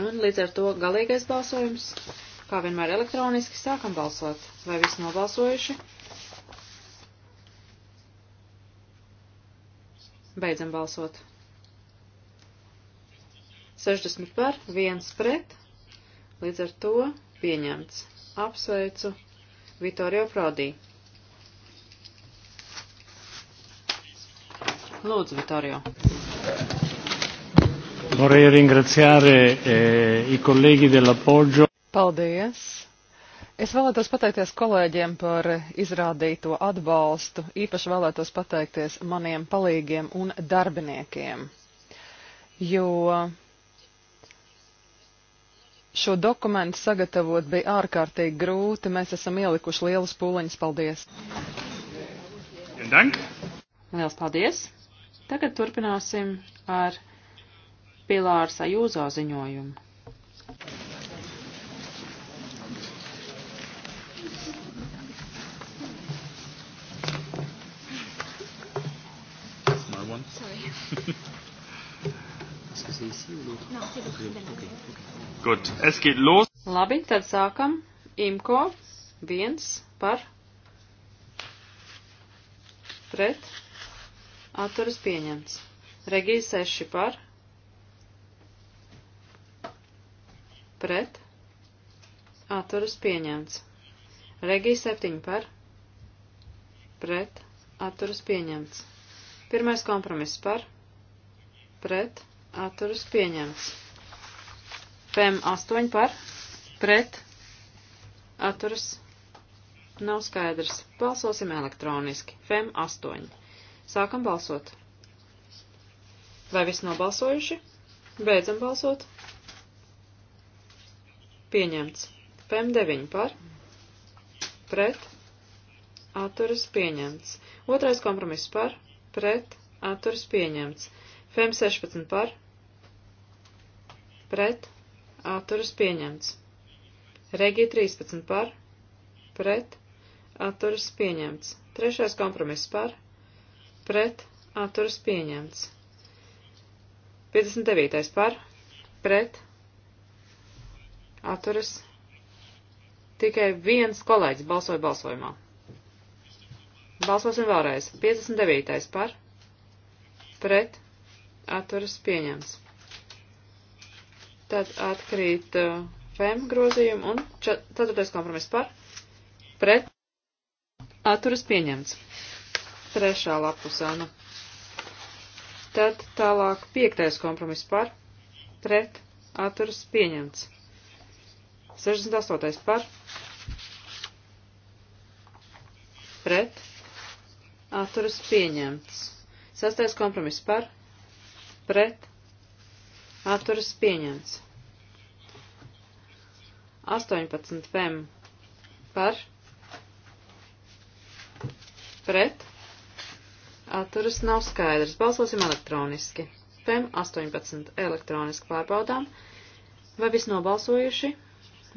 Un līdz ar to galīgais balsojums, kā vienmēr elektroniski, sākam balsot. Vai visi nobalsojuši? Beidzam balsot. 60 par, 1 pret, līdz ar to pieņemts. Apsveicu Vittorio Prodi. Lūdzu, Vittorio. Vorrei ringraziare eh, i colleghi dell'appoggio. Paldies. Es vēlētos pateikties kolēģiem par izrādīto atbalstu, īpaši vēlētos pateikties maniem palīgiem un darbiniekiem, jo šo dokumentu sagatavot bija ārkārtīgi grūti. Mēs esam ielikuši lielas pūliņas. Paldies! Dank. Liels paldies! Tagad turpināsim ar Pilārs Ajūzo ziņojumu. Sorry. c'est ici ou l'autre Non, c'est le okay. Good. Es geht los. Labi, tad sākam. Imko, viens par, pret, atturas pieņemts. Regija 6 par, pret, atturas pieņemts. Regija 7 par, pret, atturas pieņemts. Pirmais kompromiss par, pret, atturas pieņemts. PM 8 par, pret, atturas nav skaidrs. Balsosim elektroniski. FM 8. Sākam balsot. Vai viss nobalsojuši? Beidzam balsot. Pieņemts. PM 9 par, pret, atturas pieņemts. Otrais kompromiss par, pret, atturas pieņemts. FEM 16 par, pret, atturas pieņemts. Regija 13 par, pret, atturas pieņemts. Trešais kompromiss par, pret, atturas pieņemts. 59. par, pret, atturas. Tikai viens kolēģis balsoja balsojumā. Balsosim vēlreiz. 59. par, pret, atturas pieņemts. Tad atkrīt uh, FEM grozījumi un 4. kompromiss par pret atturas pieņemts. Trešā lapusā. Nu. Tad tālāk 5. kompromiss par pret atturas pieņemts. 68. par pret atturas pieņemts. Sastais kompromiss par pret atturas pieņemts. 18 fem par pret atturas nav skaidrs. Balsosim elektroniski. Fem 18 elektroniski pārbaudām. Vai viss nobalsojuši?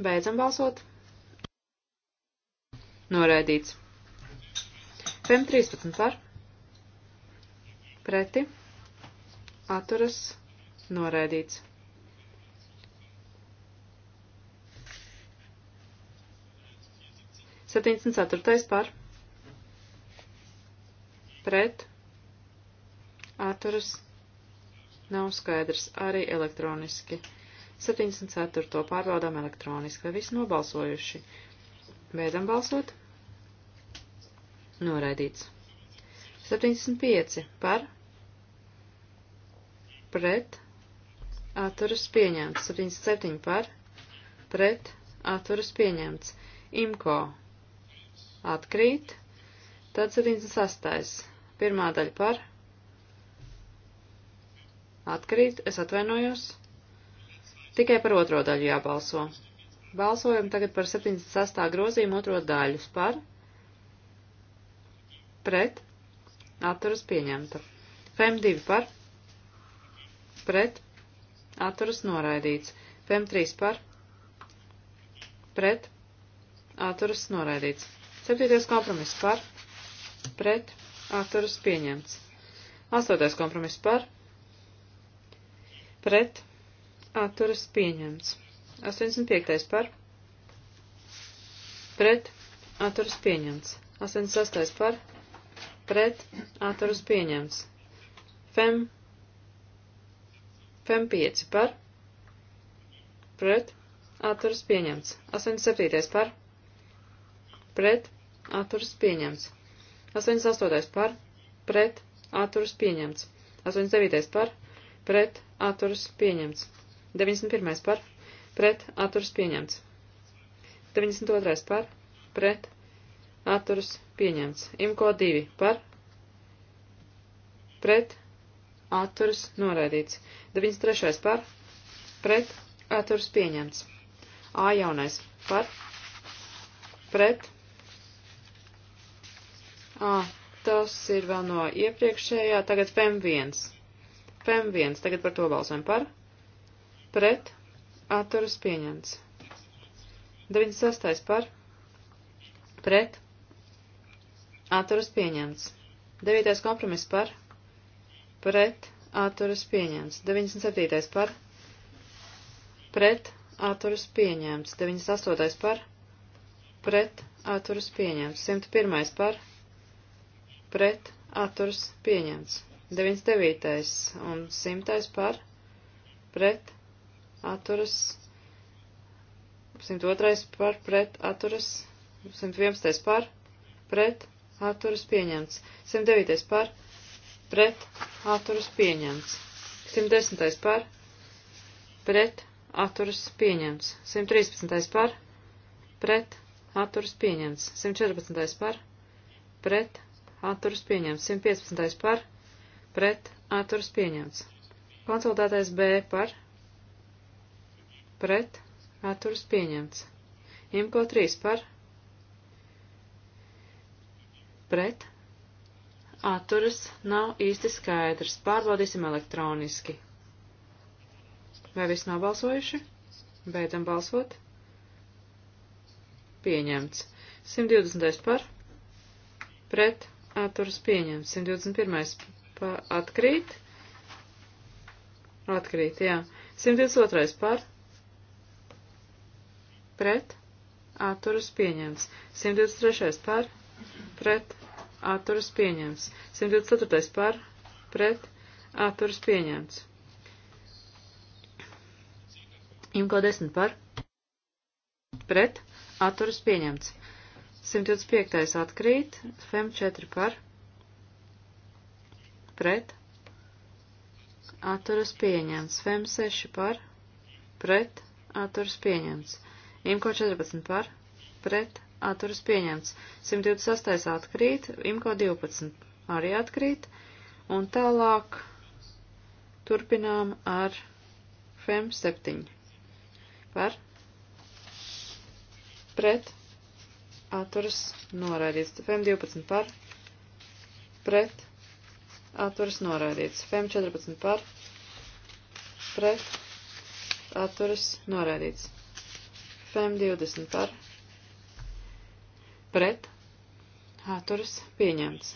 Beidzam balsot. Noraidīts. Fem 13 par preti atturas noraidīts. Septiņdesmit ceturtais par pret atturas nav skaidrs arī elektroniski. 74. pārbaudām elektroniski, vai visi nobalsojuši. Beidzam balsot. Noraidīts. 75 par pret, atturas pieņemts. 77 par, pret, atturas pieņemts. Imko atkrīt, tad 78. Pirmā daļa par, atkrīt, es atvainojos. Tikai par otro daļu jābalso. Balsojam tagad par 76. grozījumu otro daļu par, pret, atturas pieņemta. FEM 2 par, pret, atturas noraidīts. Pem 3 par, pret, atturas noraidīts. 7. kompromiss par, pret, atturas pieņemts. 8. kompromiss par, pret, atturas pieņemts. 85. par, pret, atturas pieņemts. 86. par, pret, atturas pieņemts. Fem FEM 5 par, pret, atturas pieņemts. 87. par, pret, atturas pieņemts. 88. par, pret, atturas pieņemts. 89. par, pret, atturas pieņemts. 91. par, pret, atturas pieņemts. 92. par, pret, atturas pieņemts. IMKO 2 par, pret, atturas noraidīts. 93. par, pret, atturas pieņemts. A jaunais par, pret, A, tas ir vēl no iepriekšējā, tagad PM1. E PM1, e tagad par to balsojam par, pret, atturas pieņemts. 96. par, pret, atturas pieņemts. 9. kompromiss par, pret, pret atturas pieņemts. 97. par pret atturas pieņemts. 98. par pret atturas pieņemts. 101. par pret atturas pieņemts. 99. un 100. par pret atturas 102. par pret atturas 111. par pret atturas pieņemts. 109. par pret atturas pieņemts. 110. par, pret, atturas pieņemts. 113. par, pret, atturas pieņemts. 114. par, pret, atturas pieņemts. 115. par, pret, atturas pieņemts. Konsultētais B par, pret, atturas pieņemts. Imko 3 par, pret, atturas nav īsti skaidrs. Pārbaudīsim elektroniski. Vai viss nav balsojuši? Beidzam balsot. Pieņemts. 120. par. Pret. Atturas pieņemts. 121. Pa atkrīt. Atkrīt, jā. 122. par. Pret. Atturas pieņemts. 123. par. Pret atturas pieņemts. 124. par, pret, atturas pieņemts. Imko 10 par, pret, atturas pieņemts. 125. atkrīt, FEM 4 par, pret, atturas pieņemts. FEM 6 par, pret, atturas pieņemts. Imko 14 par, pret, atturas pieņemts. 128. atkrīt, imko 12 arī atkrīt. Un tālāk turpinām ar FEM 7. Par pret atturas noraidīts. FEM 12 par pret atturas noraidīts. FEM 14 par pret atturas noraidīts. FEM 20 par pret pret, atturas pieņemts.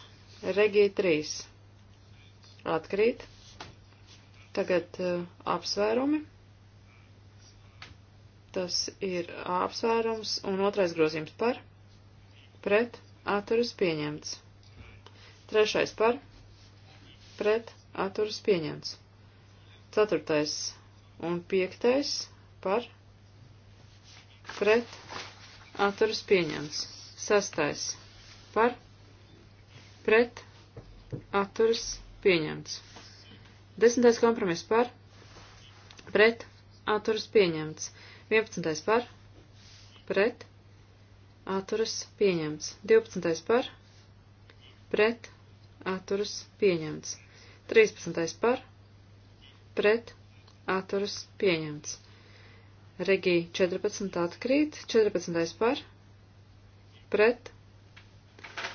Regija 3 atkrīt. Tagad uh, apsvērumi. Tas ir apsvērums un otrais grozījums par, pret, atturas pieņemts. Trešais par, pret, atturas pieņemts. Ceturtais un piektais par, pret, atturas pieņemts. Sastais par pret atturas pieņemts. Desmitais kompromiss par pret atturas pieņemts. Vienpadsmitais par pret atturas pieņemts. Divpadsmitais par pret atturas pieņemts. Trīspadsmitais par pret atturas pieņemts. Regī 14 atkrīt, 14 par pret pret,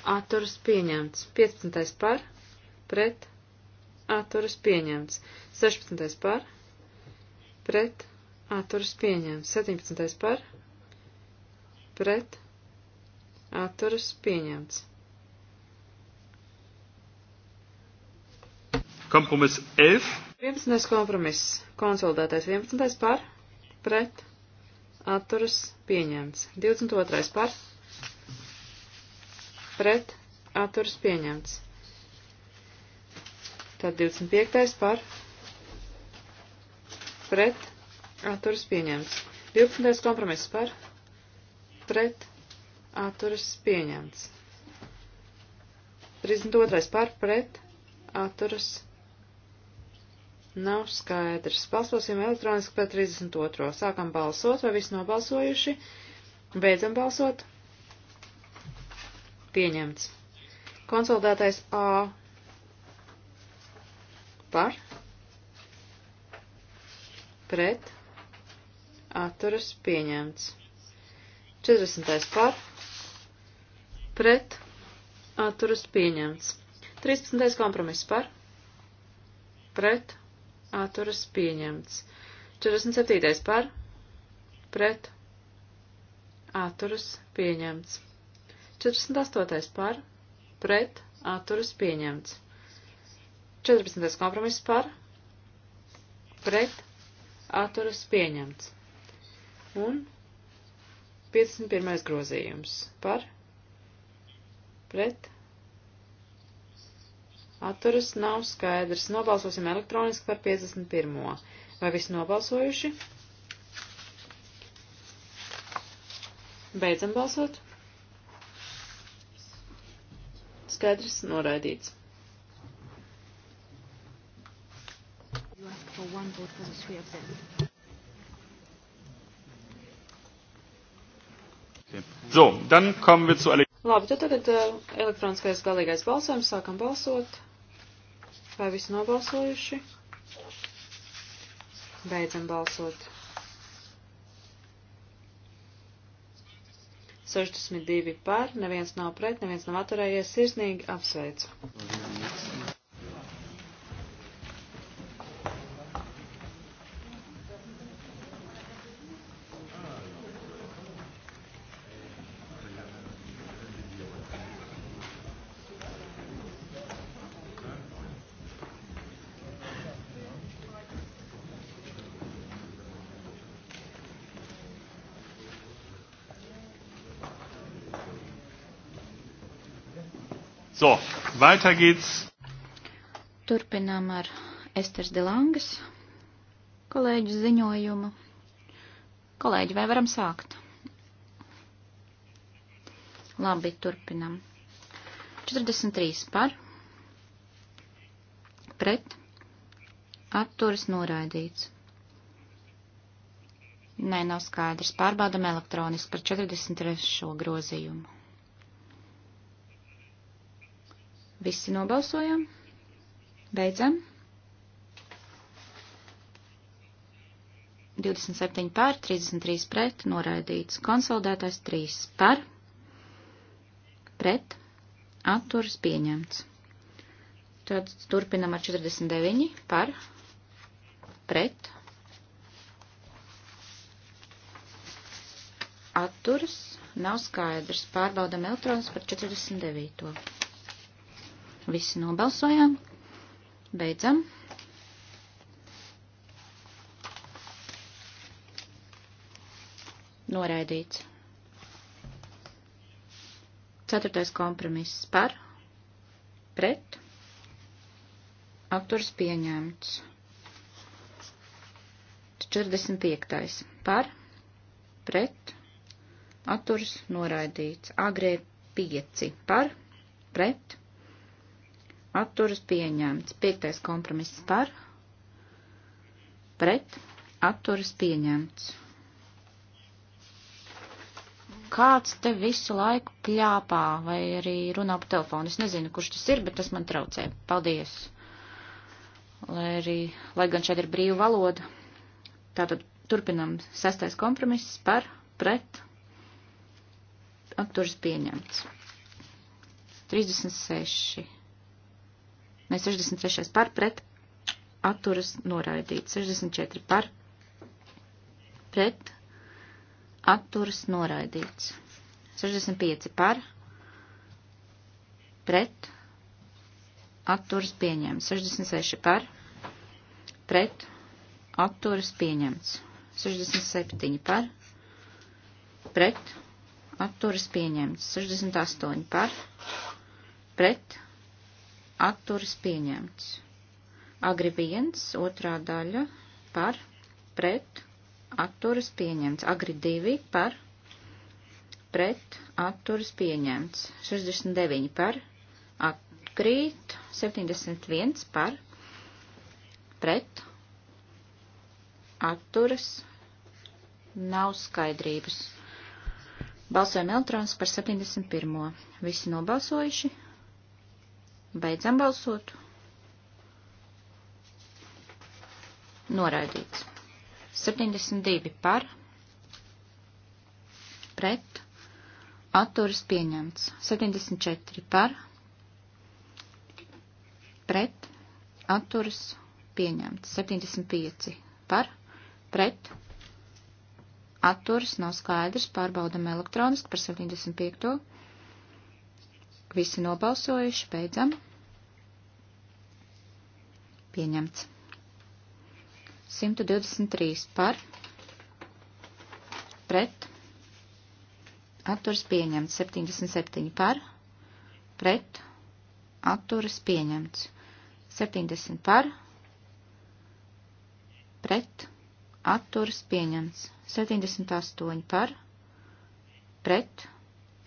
atturas pieņemts. 15. par, pret, atturas pieņemts. 16. par, pret, atturas pieņemts. 17. par, pret, atturas pieņemts. Kompromiss 11. 11. kompromiss. Konsolidētais 11. par, pret, atturas pieņemts. 22. par, pret pret atturas pieņemts. Tad 25. par pret atturas pieņemts. 12. kompromiss par pret atturas pieņemts. 32. par pret atturas nav skaidrs. Balsosim elektroniski par 32. Sākam balsot, vai visi nobalsojuši? Beidzam balsot pieņemts. Konsolidētais A par, pret, atturas pieņemts. 40. par, pret, atturas pieņemts. 13. kompromiss par, pret, atturas pieņemts. 47. par, pret, atturas pieņemts. 48. par, pret, atturas pieņemts. 14. kompromiss par, pret, atturas pieņemts. Un 51. grozījums par, pret, atturas nav skaidrs. Nobalsosim elektroniski par 51. Vai visi nobalsojuši? Beidzam balsot. Skaidrs, noraidīts. You ask for one vote for the three of them. So, dann kommen wir zu Labi, tad tagad uh, elektroniskais galīgais balsojums. Sākam balsot. Vai visi nobalsojuši? Beidzam balsot. 62 par, neviens nav pret, neviens nav atturējies, sirsnīgi apsveicu. So, weiter geht's. Turpinām ar Esters Delangas kolēģu ziņojumu. Kolēģi, vai varam sākt? Labi, turpinam. 43 par, pret, atturas noraidīts. Nē, nav skaidrs. Pārbaudam elektroniski par 43. grozījumu. Visi nobalsojam. Beidzam. 27 pār, 33 pret, noraidīts. Konsolidētais 3 par, pret, atturas pieņemts. Tad turpinam ar 49 par, pret, atturas, nav skaidrs. Pārbaudam elektronis par 49. Visi nobalsojām. Beidzam. Noraidīts. Ceturtais kompromiss par, pret, apturs pieņemts. 45. par, pret, apturs noraidīts. Agrē 5 par, pret, atturas pieņemts. Piektais kompromiss par, pret, atturas pieņemts. Kāds te visu laiku kļāpā vai arī runā pa telefonu? Es nezinu, kurš tas ir, bet tas man traucē. Paldies! Lai arī, lai gan šeit ir brīva valoda. Tātad turpinam sestais kompromiss par, pret, atturas pieņemts. 36 Nē, 63. par pret atturas noraidīts. 64. par pret atturas noraidīts. 65. par pret atturas pieņemts. 66. par pret atturas pieņemts. 67. par pret atturas pieņemts. 68. par pret atturas pieņemts. Agri viens, otrā daļa par, pret, atturas pieņemts. Agri divi par, pret, atturas pieņemts. 69 par, atkrīt, 71 par, pret, atturas, nav skaidrības. Balsojam elektrons par 71. Visi nobalsojuši. Beidzam balsot. Noraidīts. 72 par, pret, atturas pieņemts. 74 par, pret, atturas pieņemts. 75 par, pret, atturas nav skaidrs, pārbaudam elektroniski par 75. Visi nobalsojuši, beidzam. Pieņemts. 123 par, pret, atturas pieņemts. 77 par, pret, atturas pieņemts. 70 par, pret, atturas pieņemts. 78 par, pret,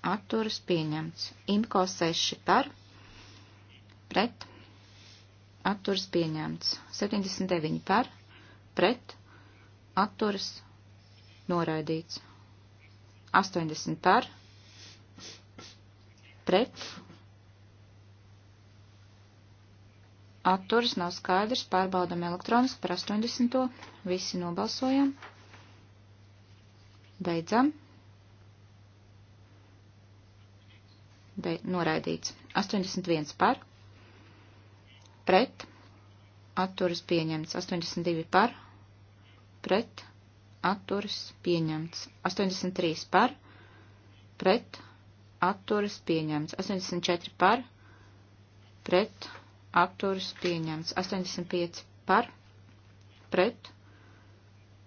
atturas pieņemts. Imko 6 par, pret, atturas pieņemts. 79 par, pret, atturas noraidīts. 80 par, pret, atturas nav skaidrs, pārbaudam elektroniski par 80. Visi nobalsojam. Beidzam. noraidīts. 81 par, pret, atturas pieņemts. 82 par, pret, atturas pieņemts. 83 par, pret, atturas pieņemts. 84 par, pret, atturas pieņemts. 85 par, pret,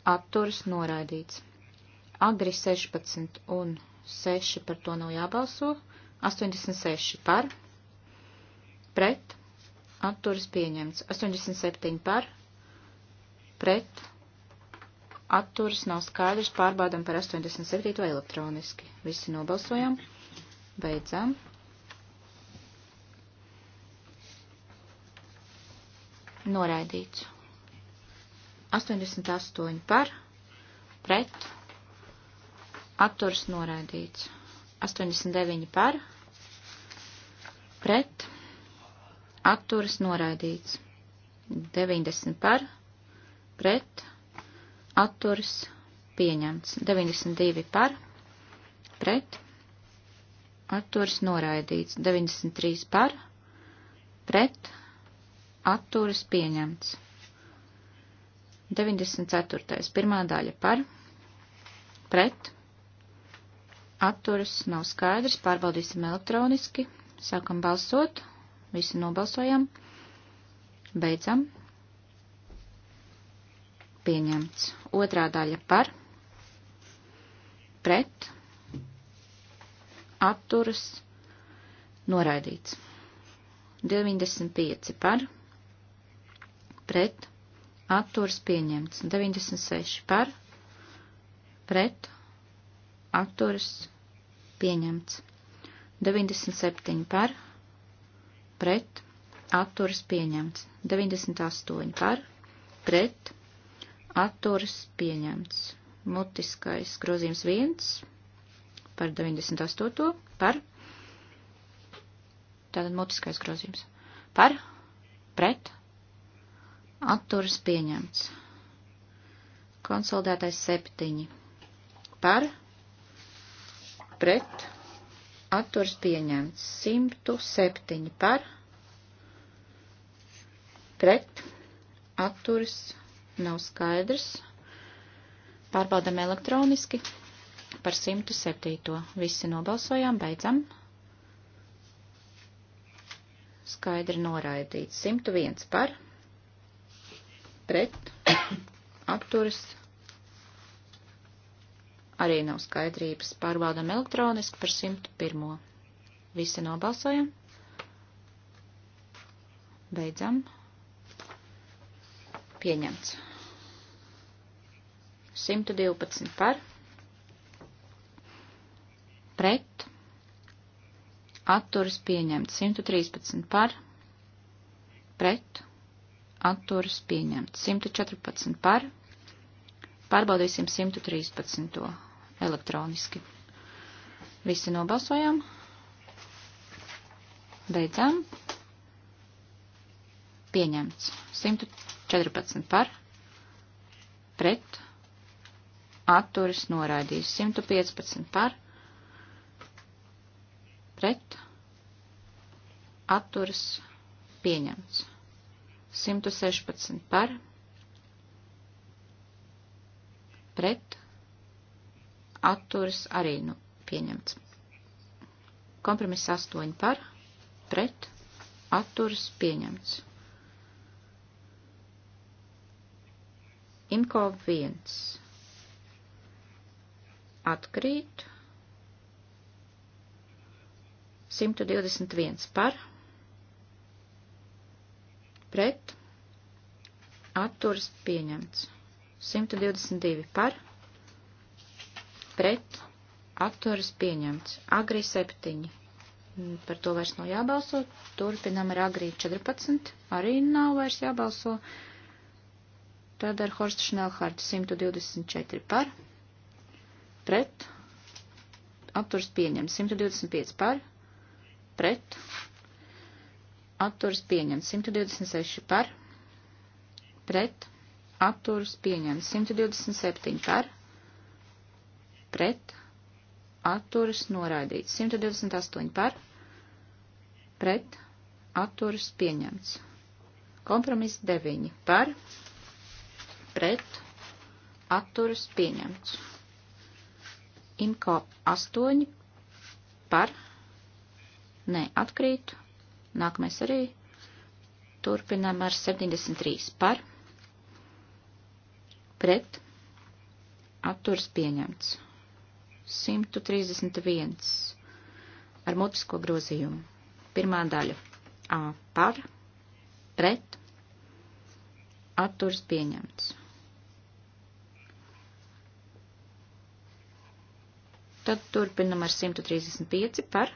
atturas noraidīts. Agri 16 un 6 par to nav jābalso. 86 par, pret, atturas pieņemts. 87 par, pret, atturas nav skaidrs, pārbaudam par 87 elektroniski. Visi nobalsojam, beidzam. Noraidīts. 88 par, pret, atturas noraidīts. 89 par, pret, atturas noraidīts. 90 par, pret, atturas pieņemts. 92 par, pret, atturas noraidīts. 93 par, pret, atturas pieņemts. 94. pirmā daļa par, pret, atturas nav skaidrs, pārbaudīsim elektroniski. Sākam balsot. Visi nobalsojam. Beidzam. Pieņemts. Otrā daļa par. Pret. Atturas. Noraidīts. 95 par. Pret. Atturas pieņemts. 96 par. Pret. Atturas pieņemts. 97 par, pret, atturas pieņemts. 98 par, pret, atturas pieņemts. Mutiskais grozījums 1 par 98 par, tātad mutiskais grozījums, par, pret, atturas pieņemts. Konsolidētais 7 par, pret, atturas pieņemts atturs pieņemts 107 par, pret, atturs nav skaidrs. Pārbaudam elektroniski par 107. Visi nobalsojām, beidzam. Skaidri noraidīts 101 par, pret, atturs Arī nav skaidrības. Pārbaudam elektroniski par 101. Visi nobalsojam. Beidzam. Pieņemts. 112 par. Pret. Atturas pieņemts. 113 par. Pret. Atturas pieņemts. 114 par. Pārbaudīsim 113 elektroniski. Visi nobalsojam. Beidzam. Pieņemts. 114 par. Pret. Atturis noraidījis. 115 par. Pret. Atturis pieņemts. 116 par. Pret atturas arī nu, pieņemts. Kompromiss 8 par, pret, atturas pieņemts. Imko 1 atkrīt 121 par, pret, atturas pieņemts 122 par pret, atturas pieņemts. Agri 7. Mm, par to vairs nav jābalso. Turpinam ar agrī 14. Arī nav vairs jābalso. Tad ar Horstu Šnelhārdu 124 par. Pret. Atturas pieņemts. 125 par. Pret. Atturas pieņemts. 126 par. Pret. Atturas pieņemts. 127 par pret, atturas noraidīts. 128 par, pret, atturas pieņemts. Kompromiss 9 par, pret, atturas pieņemts. Imko 8 par, nē, atkrīt, nākamais arī, turpinām ar 73 par, pret, atturas pieņemts. 131 ar mutisko grozījumu. Pirmā daļa A par, pret, atturs pieņemts. Tad turpinam ar 135 par,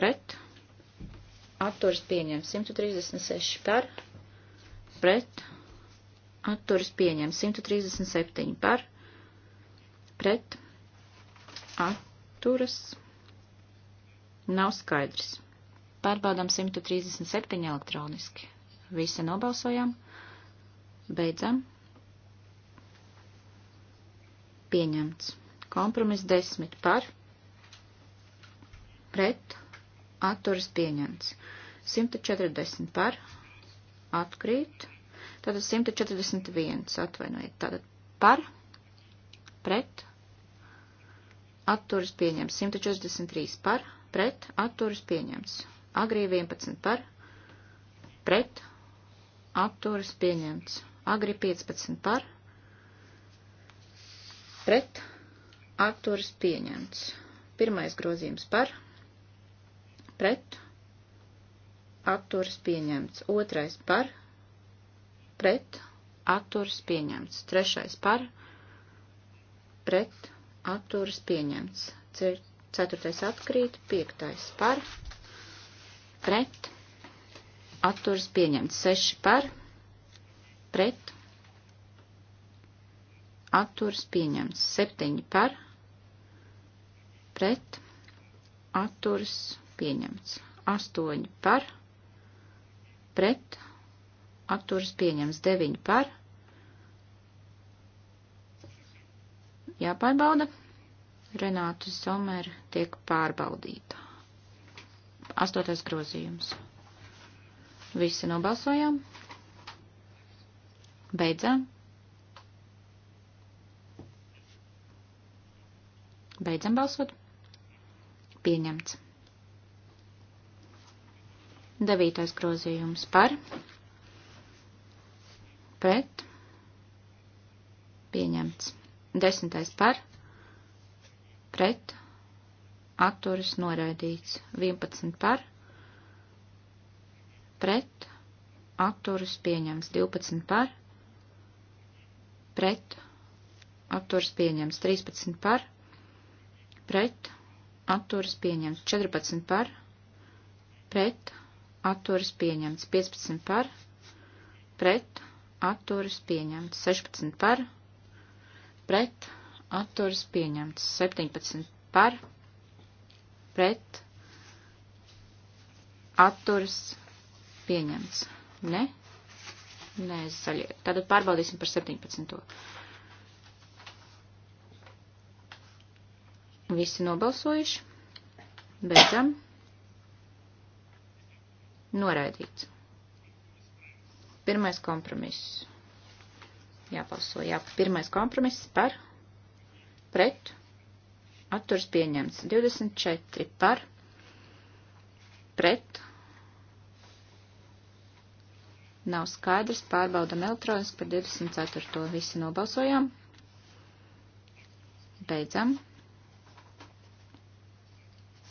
pret, atturs pieņemts. 136 par, pret, atturs pieņemts. 137 par, pret, atturs pieņemts atturas nav skaidrs. Pārbaudām 137 elektroniski. Visi nobalsojām. Beidzam. Pieņemts. Kompromiss 10 par. Pret. Atturas pieņemts. 140 par. Atkrīt. Tātad 141. Atvainojiet. Tātad par. Pret atturas pieņemts. 143 par, pret, atturas pieņemts. Agrī 11 par, pret, atturas pieņemts. Agri 15 par, pret, atturas pieņemts. Pirmais grozījums par, pret, atturas pieņemts. Otrais par, pret, atturas pieņemts. Trešais par, pret, atturas pieņemts atturas pieņemts. Ceturtais atkrīt, piektais par, pret, atturas pieņemts. Seši par, pret, atturas pieņemts. Septiņi par, pret, atturas pieņemts. Astoņi par, pret, atturas pieņemts. Deviņi par, jāpārbauda. Renātu Someru tiek pārbaudīta. Astotais grozījums. Visi nobalsojām. Beidzām. Beidzam balsot. Pieņemts. Devītais grozījums par. Pret. Pieņemts. Desmitais par pret, atturas noraidīts. 11 par, pret, atturas pieņems. 12 par, pret, atturas pieņems. 13 par, pret, atturas pieņems. 14 par, pret, atturas pieņems. 15 par, pret, atturas pieņems. 16 par, pret, atturas pieņemts. 17 par, pret, atturas pieņemts. Ne? Nē, zaļie. Tātad pārbaudīsim par 17. Visi nobalsojuši. Beidzam. Noraidīts. Pirmais kompromiss. Jābalso, jā, pirmais kompromiss par pret, atturs pieņemts. 24 par, pret, nav skaidrs, pārbaudam elektroniski par 24. Visi nobalsojām. Beidzam.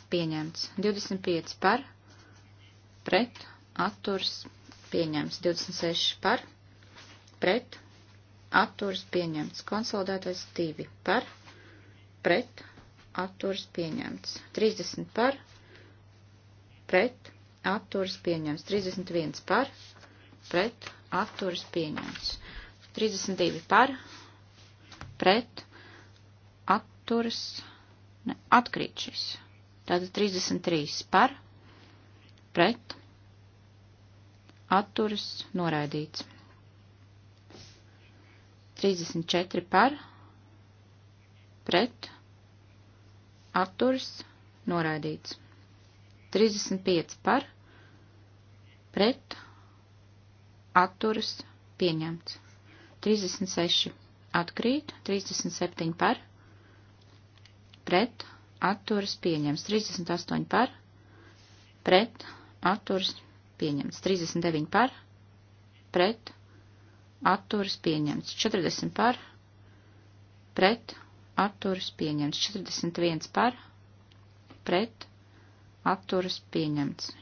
Pieņemts. 25 par, pret, atturs pieņemts. 26 par, pret, atturs pieņemts. Konsolidētais 2 par pret, atturas pieņemts. 30 par, pret, atturas pieņemts. 31 par, pret, atturas pieņemts. 32 par, pret, atturas, ne, atkrīt šis. Tātad 33 par, pret, atturas, noraidīts. 34 par, pret, pret, atturs, noraidīts. 35 par, pret, atturs, pieņemts. 36 atkrīt, 37 par, pret, atturs, pieņemts. 38 par, pret, atturs, pieņemts. 39 par, pret, atturs, pieņemts. 40 par, pret, atturs, pieņemts pret, atturas pieņemts. 41 par, pret, atturas pieņemts.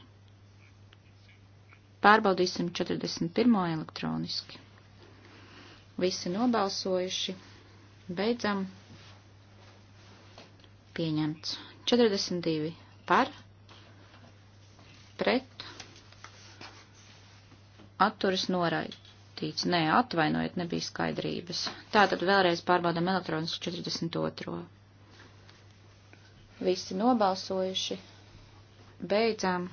Pārbaudīsim 41. elektroniski. Visi nobalsojuši. Beidzam. Pieņemts. 42 par, pret, atturas noraid, noraidīts. Nē, atvainojiet, nebija skaidrības. Tātad vēlreiz pārbaudam elektronisku 42. Visi nobalsojuši. Beidzam.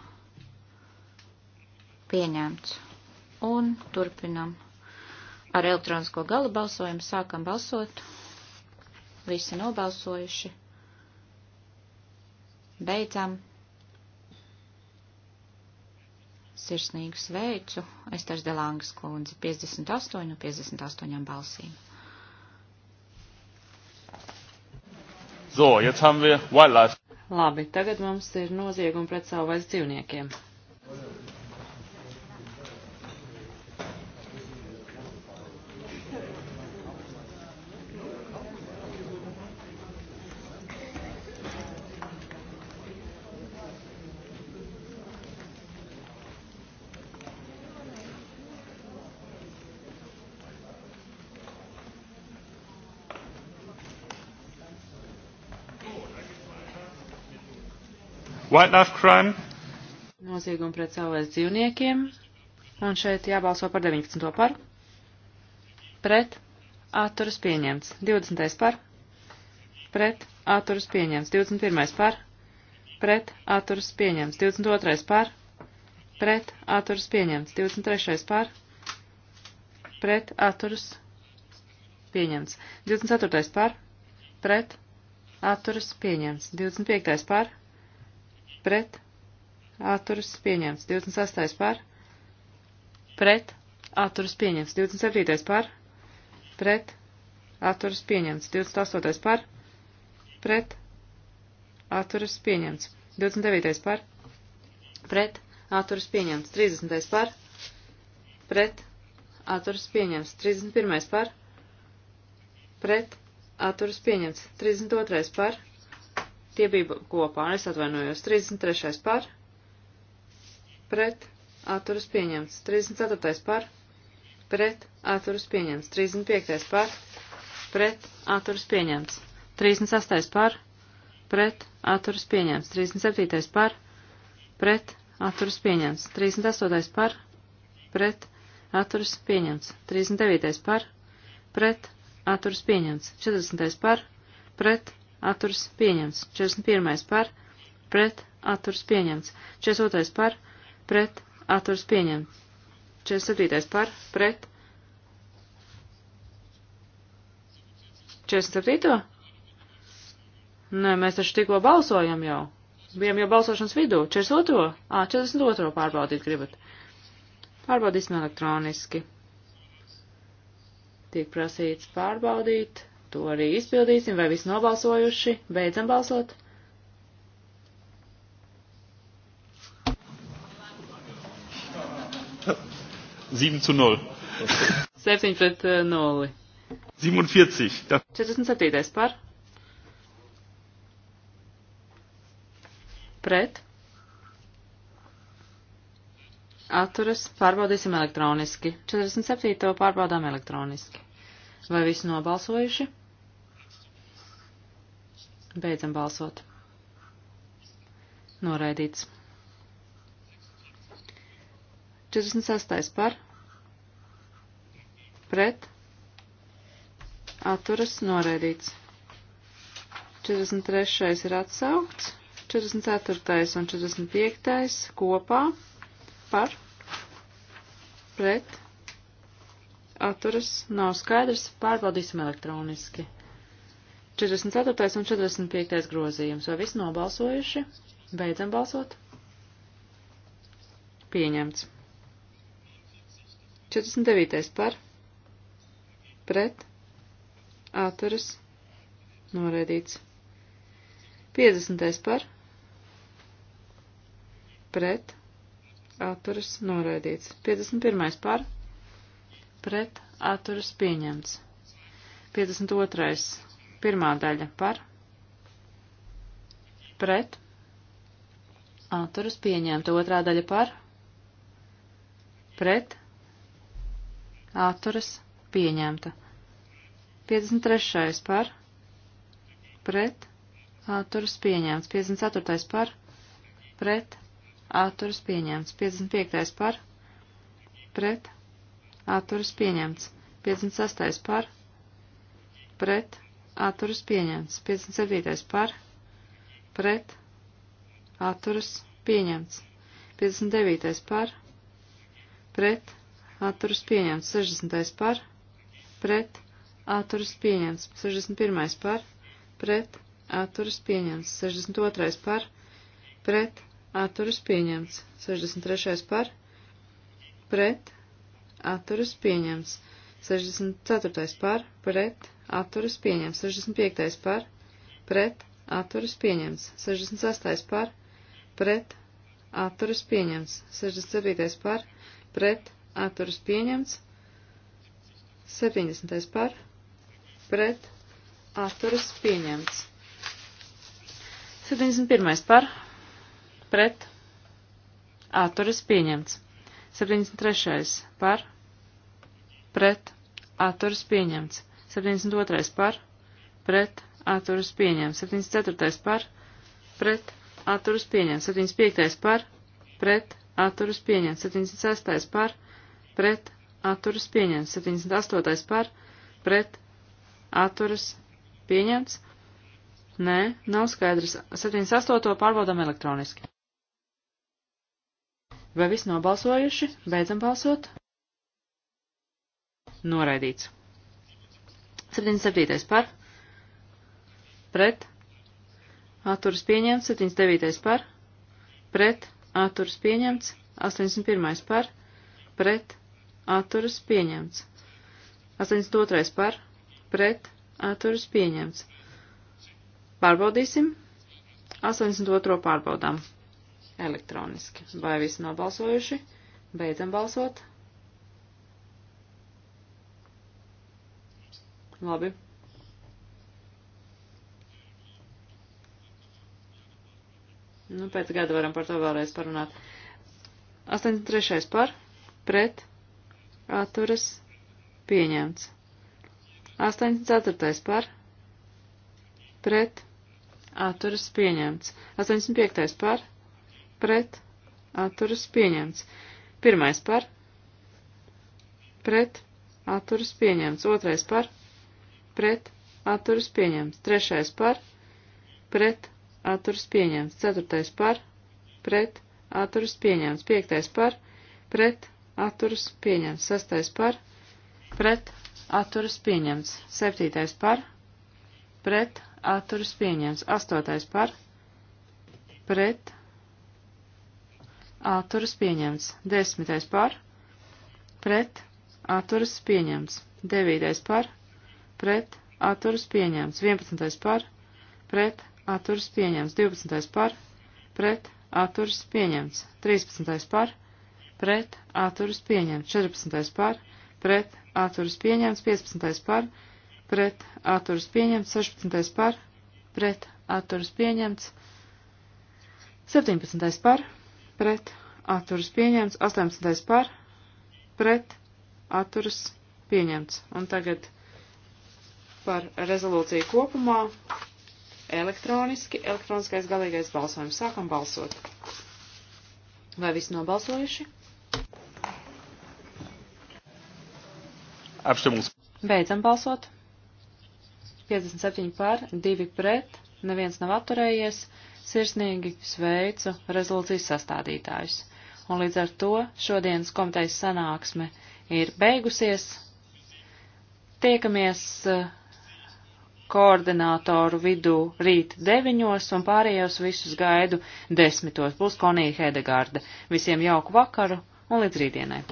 Pieņemts. Un turpinam. Ar elektronisko gala balsojumu sākam balsot. Visi nobalsojuši. Beidzam. sirsnīgu sveicu Esters Delāngas kundzi 58 no 58 balsīm. So, jetzt haben wir wildlife. Labi, tagad mums ir noziegumi pret savu vairs dzīvniekiem. wildlife crime. Noziegumu pret savais dzīvniekiem. Un šeit jābalso par 19. par. Pret. Atturas pieņemts. 20. par. Pret. Atturas pieņemts. 21. par. Pret. Atturas pieņemts. 22. par. Pret. Atturas pieņemts. 23. par. Pret. Atturas pieņemts. 24. par. Pret. Atturas pieņemts. 25. par pret, atturas pieņemts. 28. par, pret, atturas pieņemts. 27. par, pret, atturas pieņemts. 28. par, pret, atturas pieņemts. 29. par, pret, atturas pieņemts. 30. par, pret, atturas pieņemts. 31. par, pret, atturas pieņemts. 32. par, pret, Tie bija kopā, es atvainojos. 33. par, pret, atturas pieņemts. 34. par, pret, atturas pieņemts. 35. par, pret, atturas pieņemts. 36. par, pret, atturas pieņemts. 37. par, pret, atturas pieņemts. 38. par, pret, atturas pieņemts. 39. par, pret, atturas pieņemts. 40. par, pret, atturs pieņemts. 41. par, pret, atturs pieņemts. 42. par, pret, atturs pieņemts. 47. par, pret. 47. Nē, mēs taču tikko balsojam jau. Bijām jau balsošanas vidū. 42. Ā, 42. pārbaudīt gribat. Pārbaudīsim elektroniski. Tiek prasīts pārbaudīt to arī izpildīsim, vai viss nobalsojuši, beidzam balsot. zu 7 pret 0. Eh, 47. Da. 47. par. Pret. Atturas pārbaudīsim elektroniski. 47. pārbaudām elektroniski. Vai visi nobalsojuši? Beidzam balsot. Noraidīts. 46. par. Pret. Atturas noraidīts. 43. ir atsaukts. 44. un 45. kopā par. Pret. Atturas nav skaidrs. Pārbaudīsim elektroniski. 44. un 45. grozījums. Vai viss nobalsojuši? Beidzam balsot. Pieņemts. 49. par. Pret. Atturas. Noraidīts. 50. par. Pret. Atturas. Noraidīts. 51. par. Pret. Atturas. Pieņemts. 52 Pirmā daļa par pret atturas pieņemta. Otrā daļa par pret atturas pieņemta. 53. par pret atturas pieņemts. 54. par pret atturas pieņemts. 55. par pret atturas pieņemts. 56. par pret atturas pieņemts. 57. par, pret, atturas pieņemts. 59. par, pret, atturas pieņemts. 60. par, pret, atturas pieņemts. 61. par, pret, atturas pieņemts. 62. par, pret, atturas pieņemts. 63. par, pret, atturas pieņemts. 64. par, pret, atturas pieņemts, 65. par, pret, atturas pieņemts, 66. par, pret, atturas pieņemts, 67. par, pret, atturas pieņemts, 70. par, pret, atturas pieņemts, 71. par, pret, atturas pieņemts, 73. par, pret, atturas pieņemts. 72. par, pret, atturas pieņemts. 74. par, pret, atturas pieņemts. 75. par, pret, atturas pieņemts. 76. par, pret, atturas pieņemts. 78. par, pret, atturas pieņemts. Nē, nav skaidrs. 78. pārbaudām elektroniski. Vai viss nobalsojuši? Beidzam balsot. Noraidīts. 77. par, pret, atturas pieņemts, 79. par, pret, atturas pieņemts, 81. par, pret, atturas pieņemts, 82. par, pret, atturas pieņemts. Pārbaudīsim, 82. pārbaudām elektroniski. Vai visi nobalsojuši? Beidzam balsot. Labi. Nu, pēc gada varam par to vēlreiz parunāt. 83. par, pret, atturas, pieņemts. 84. par, pret, atturas, pieņemts. 85. par, pret, atturas, pieņemts. 1. par, pret, atturas, pieņemts. 2. par, pret atturas pieņemts. Trešais par pret atturas pieņemts. Ceturtais par pret atturas pieņemts. Piektais par pret atturas pieņemts. Sestais par pret atturas pieņemts. Septītais par pret atturas pieņemts. Astotais par pret atturas pieņemts. Desmitais par pret atturas pieņemts. Devītais par pret pret, atturas pieņemts. 11. par, pret, atturas pieņemts. 12. par, pret, atturas pieņemts. 13. par, pret, atturas pieņemts. 14. par, pret, atturas pieņemts. 15. par, pret, atturas pieņemts. 16. par, pret, atturas pieņemts. 17. par, pret, atturas pieņemts, 18. par, pret, atturas pieņemts. Un tagad par rezolūciju kopumā elektroniski. Elektroniskais galīgais balsojums. Sākam balsot. Vai visi nobalsojuši? Apstimuls. Beidzam balsot. 57 pār, 2 pret, neviens nav atturējies. Sirsnīgi sveicu rezolūcijas sastādītājus. Un līdz ar to šodienas komitejas sanāksme ir beigusies. Tiekamies. Uh, koordinātoru vidū rīt deviņos un pārējos visus gaidu desmitos. Būs Konija Hedegarda. Visiem jauku vakaru un līdz rītdienai!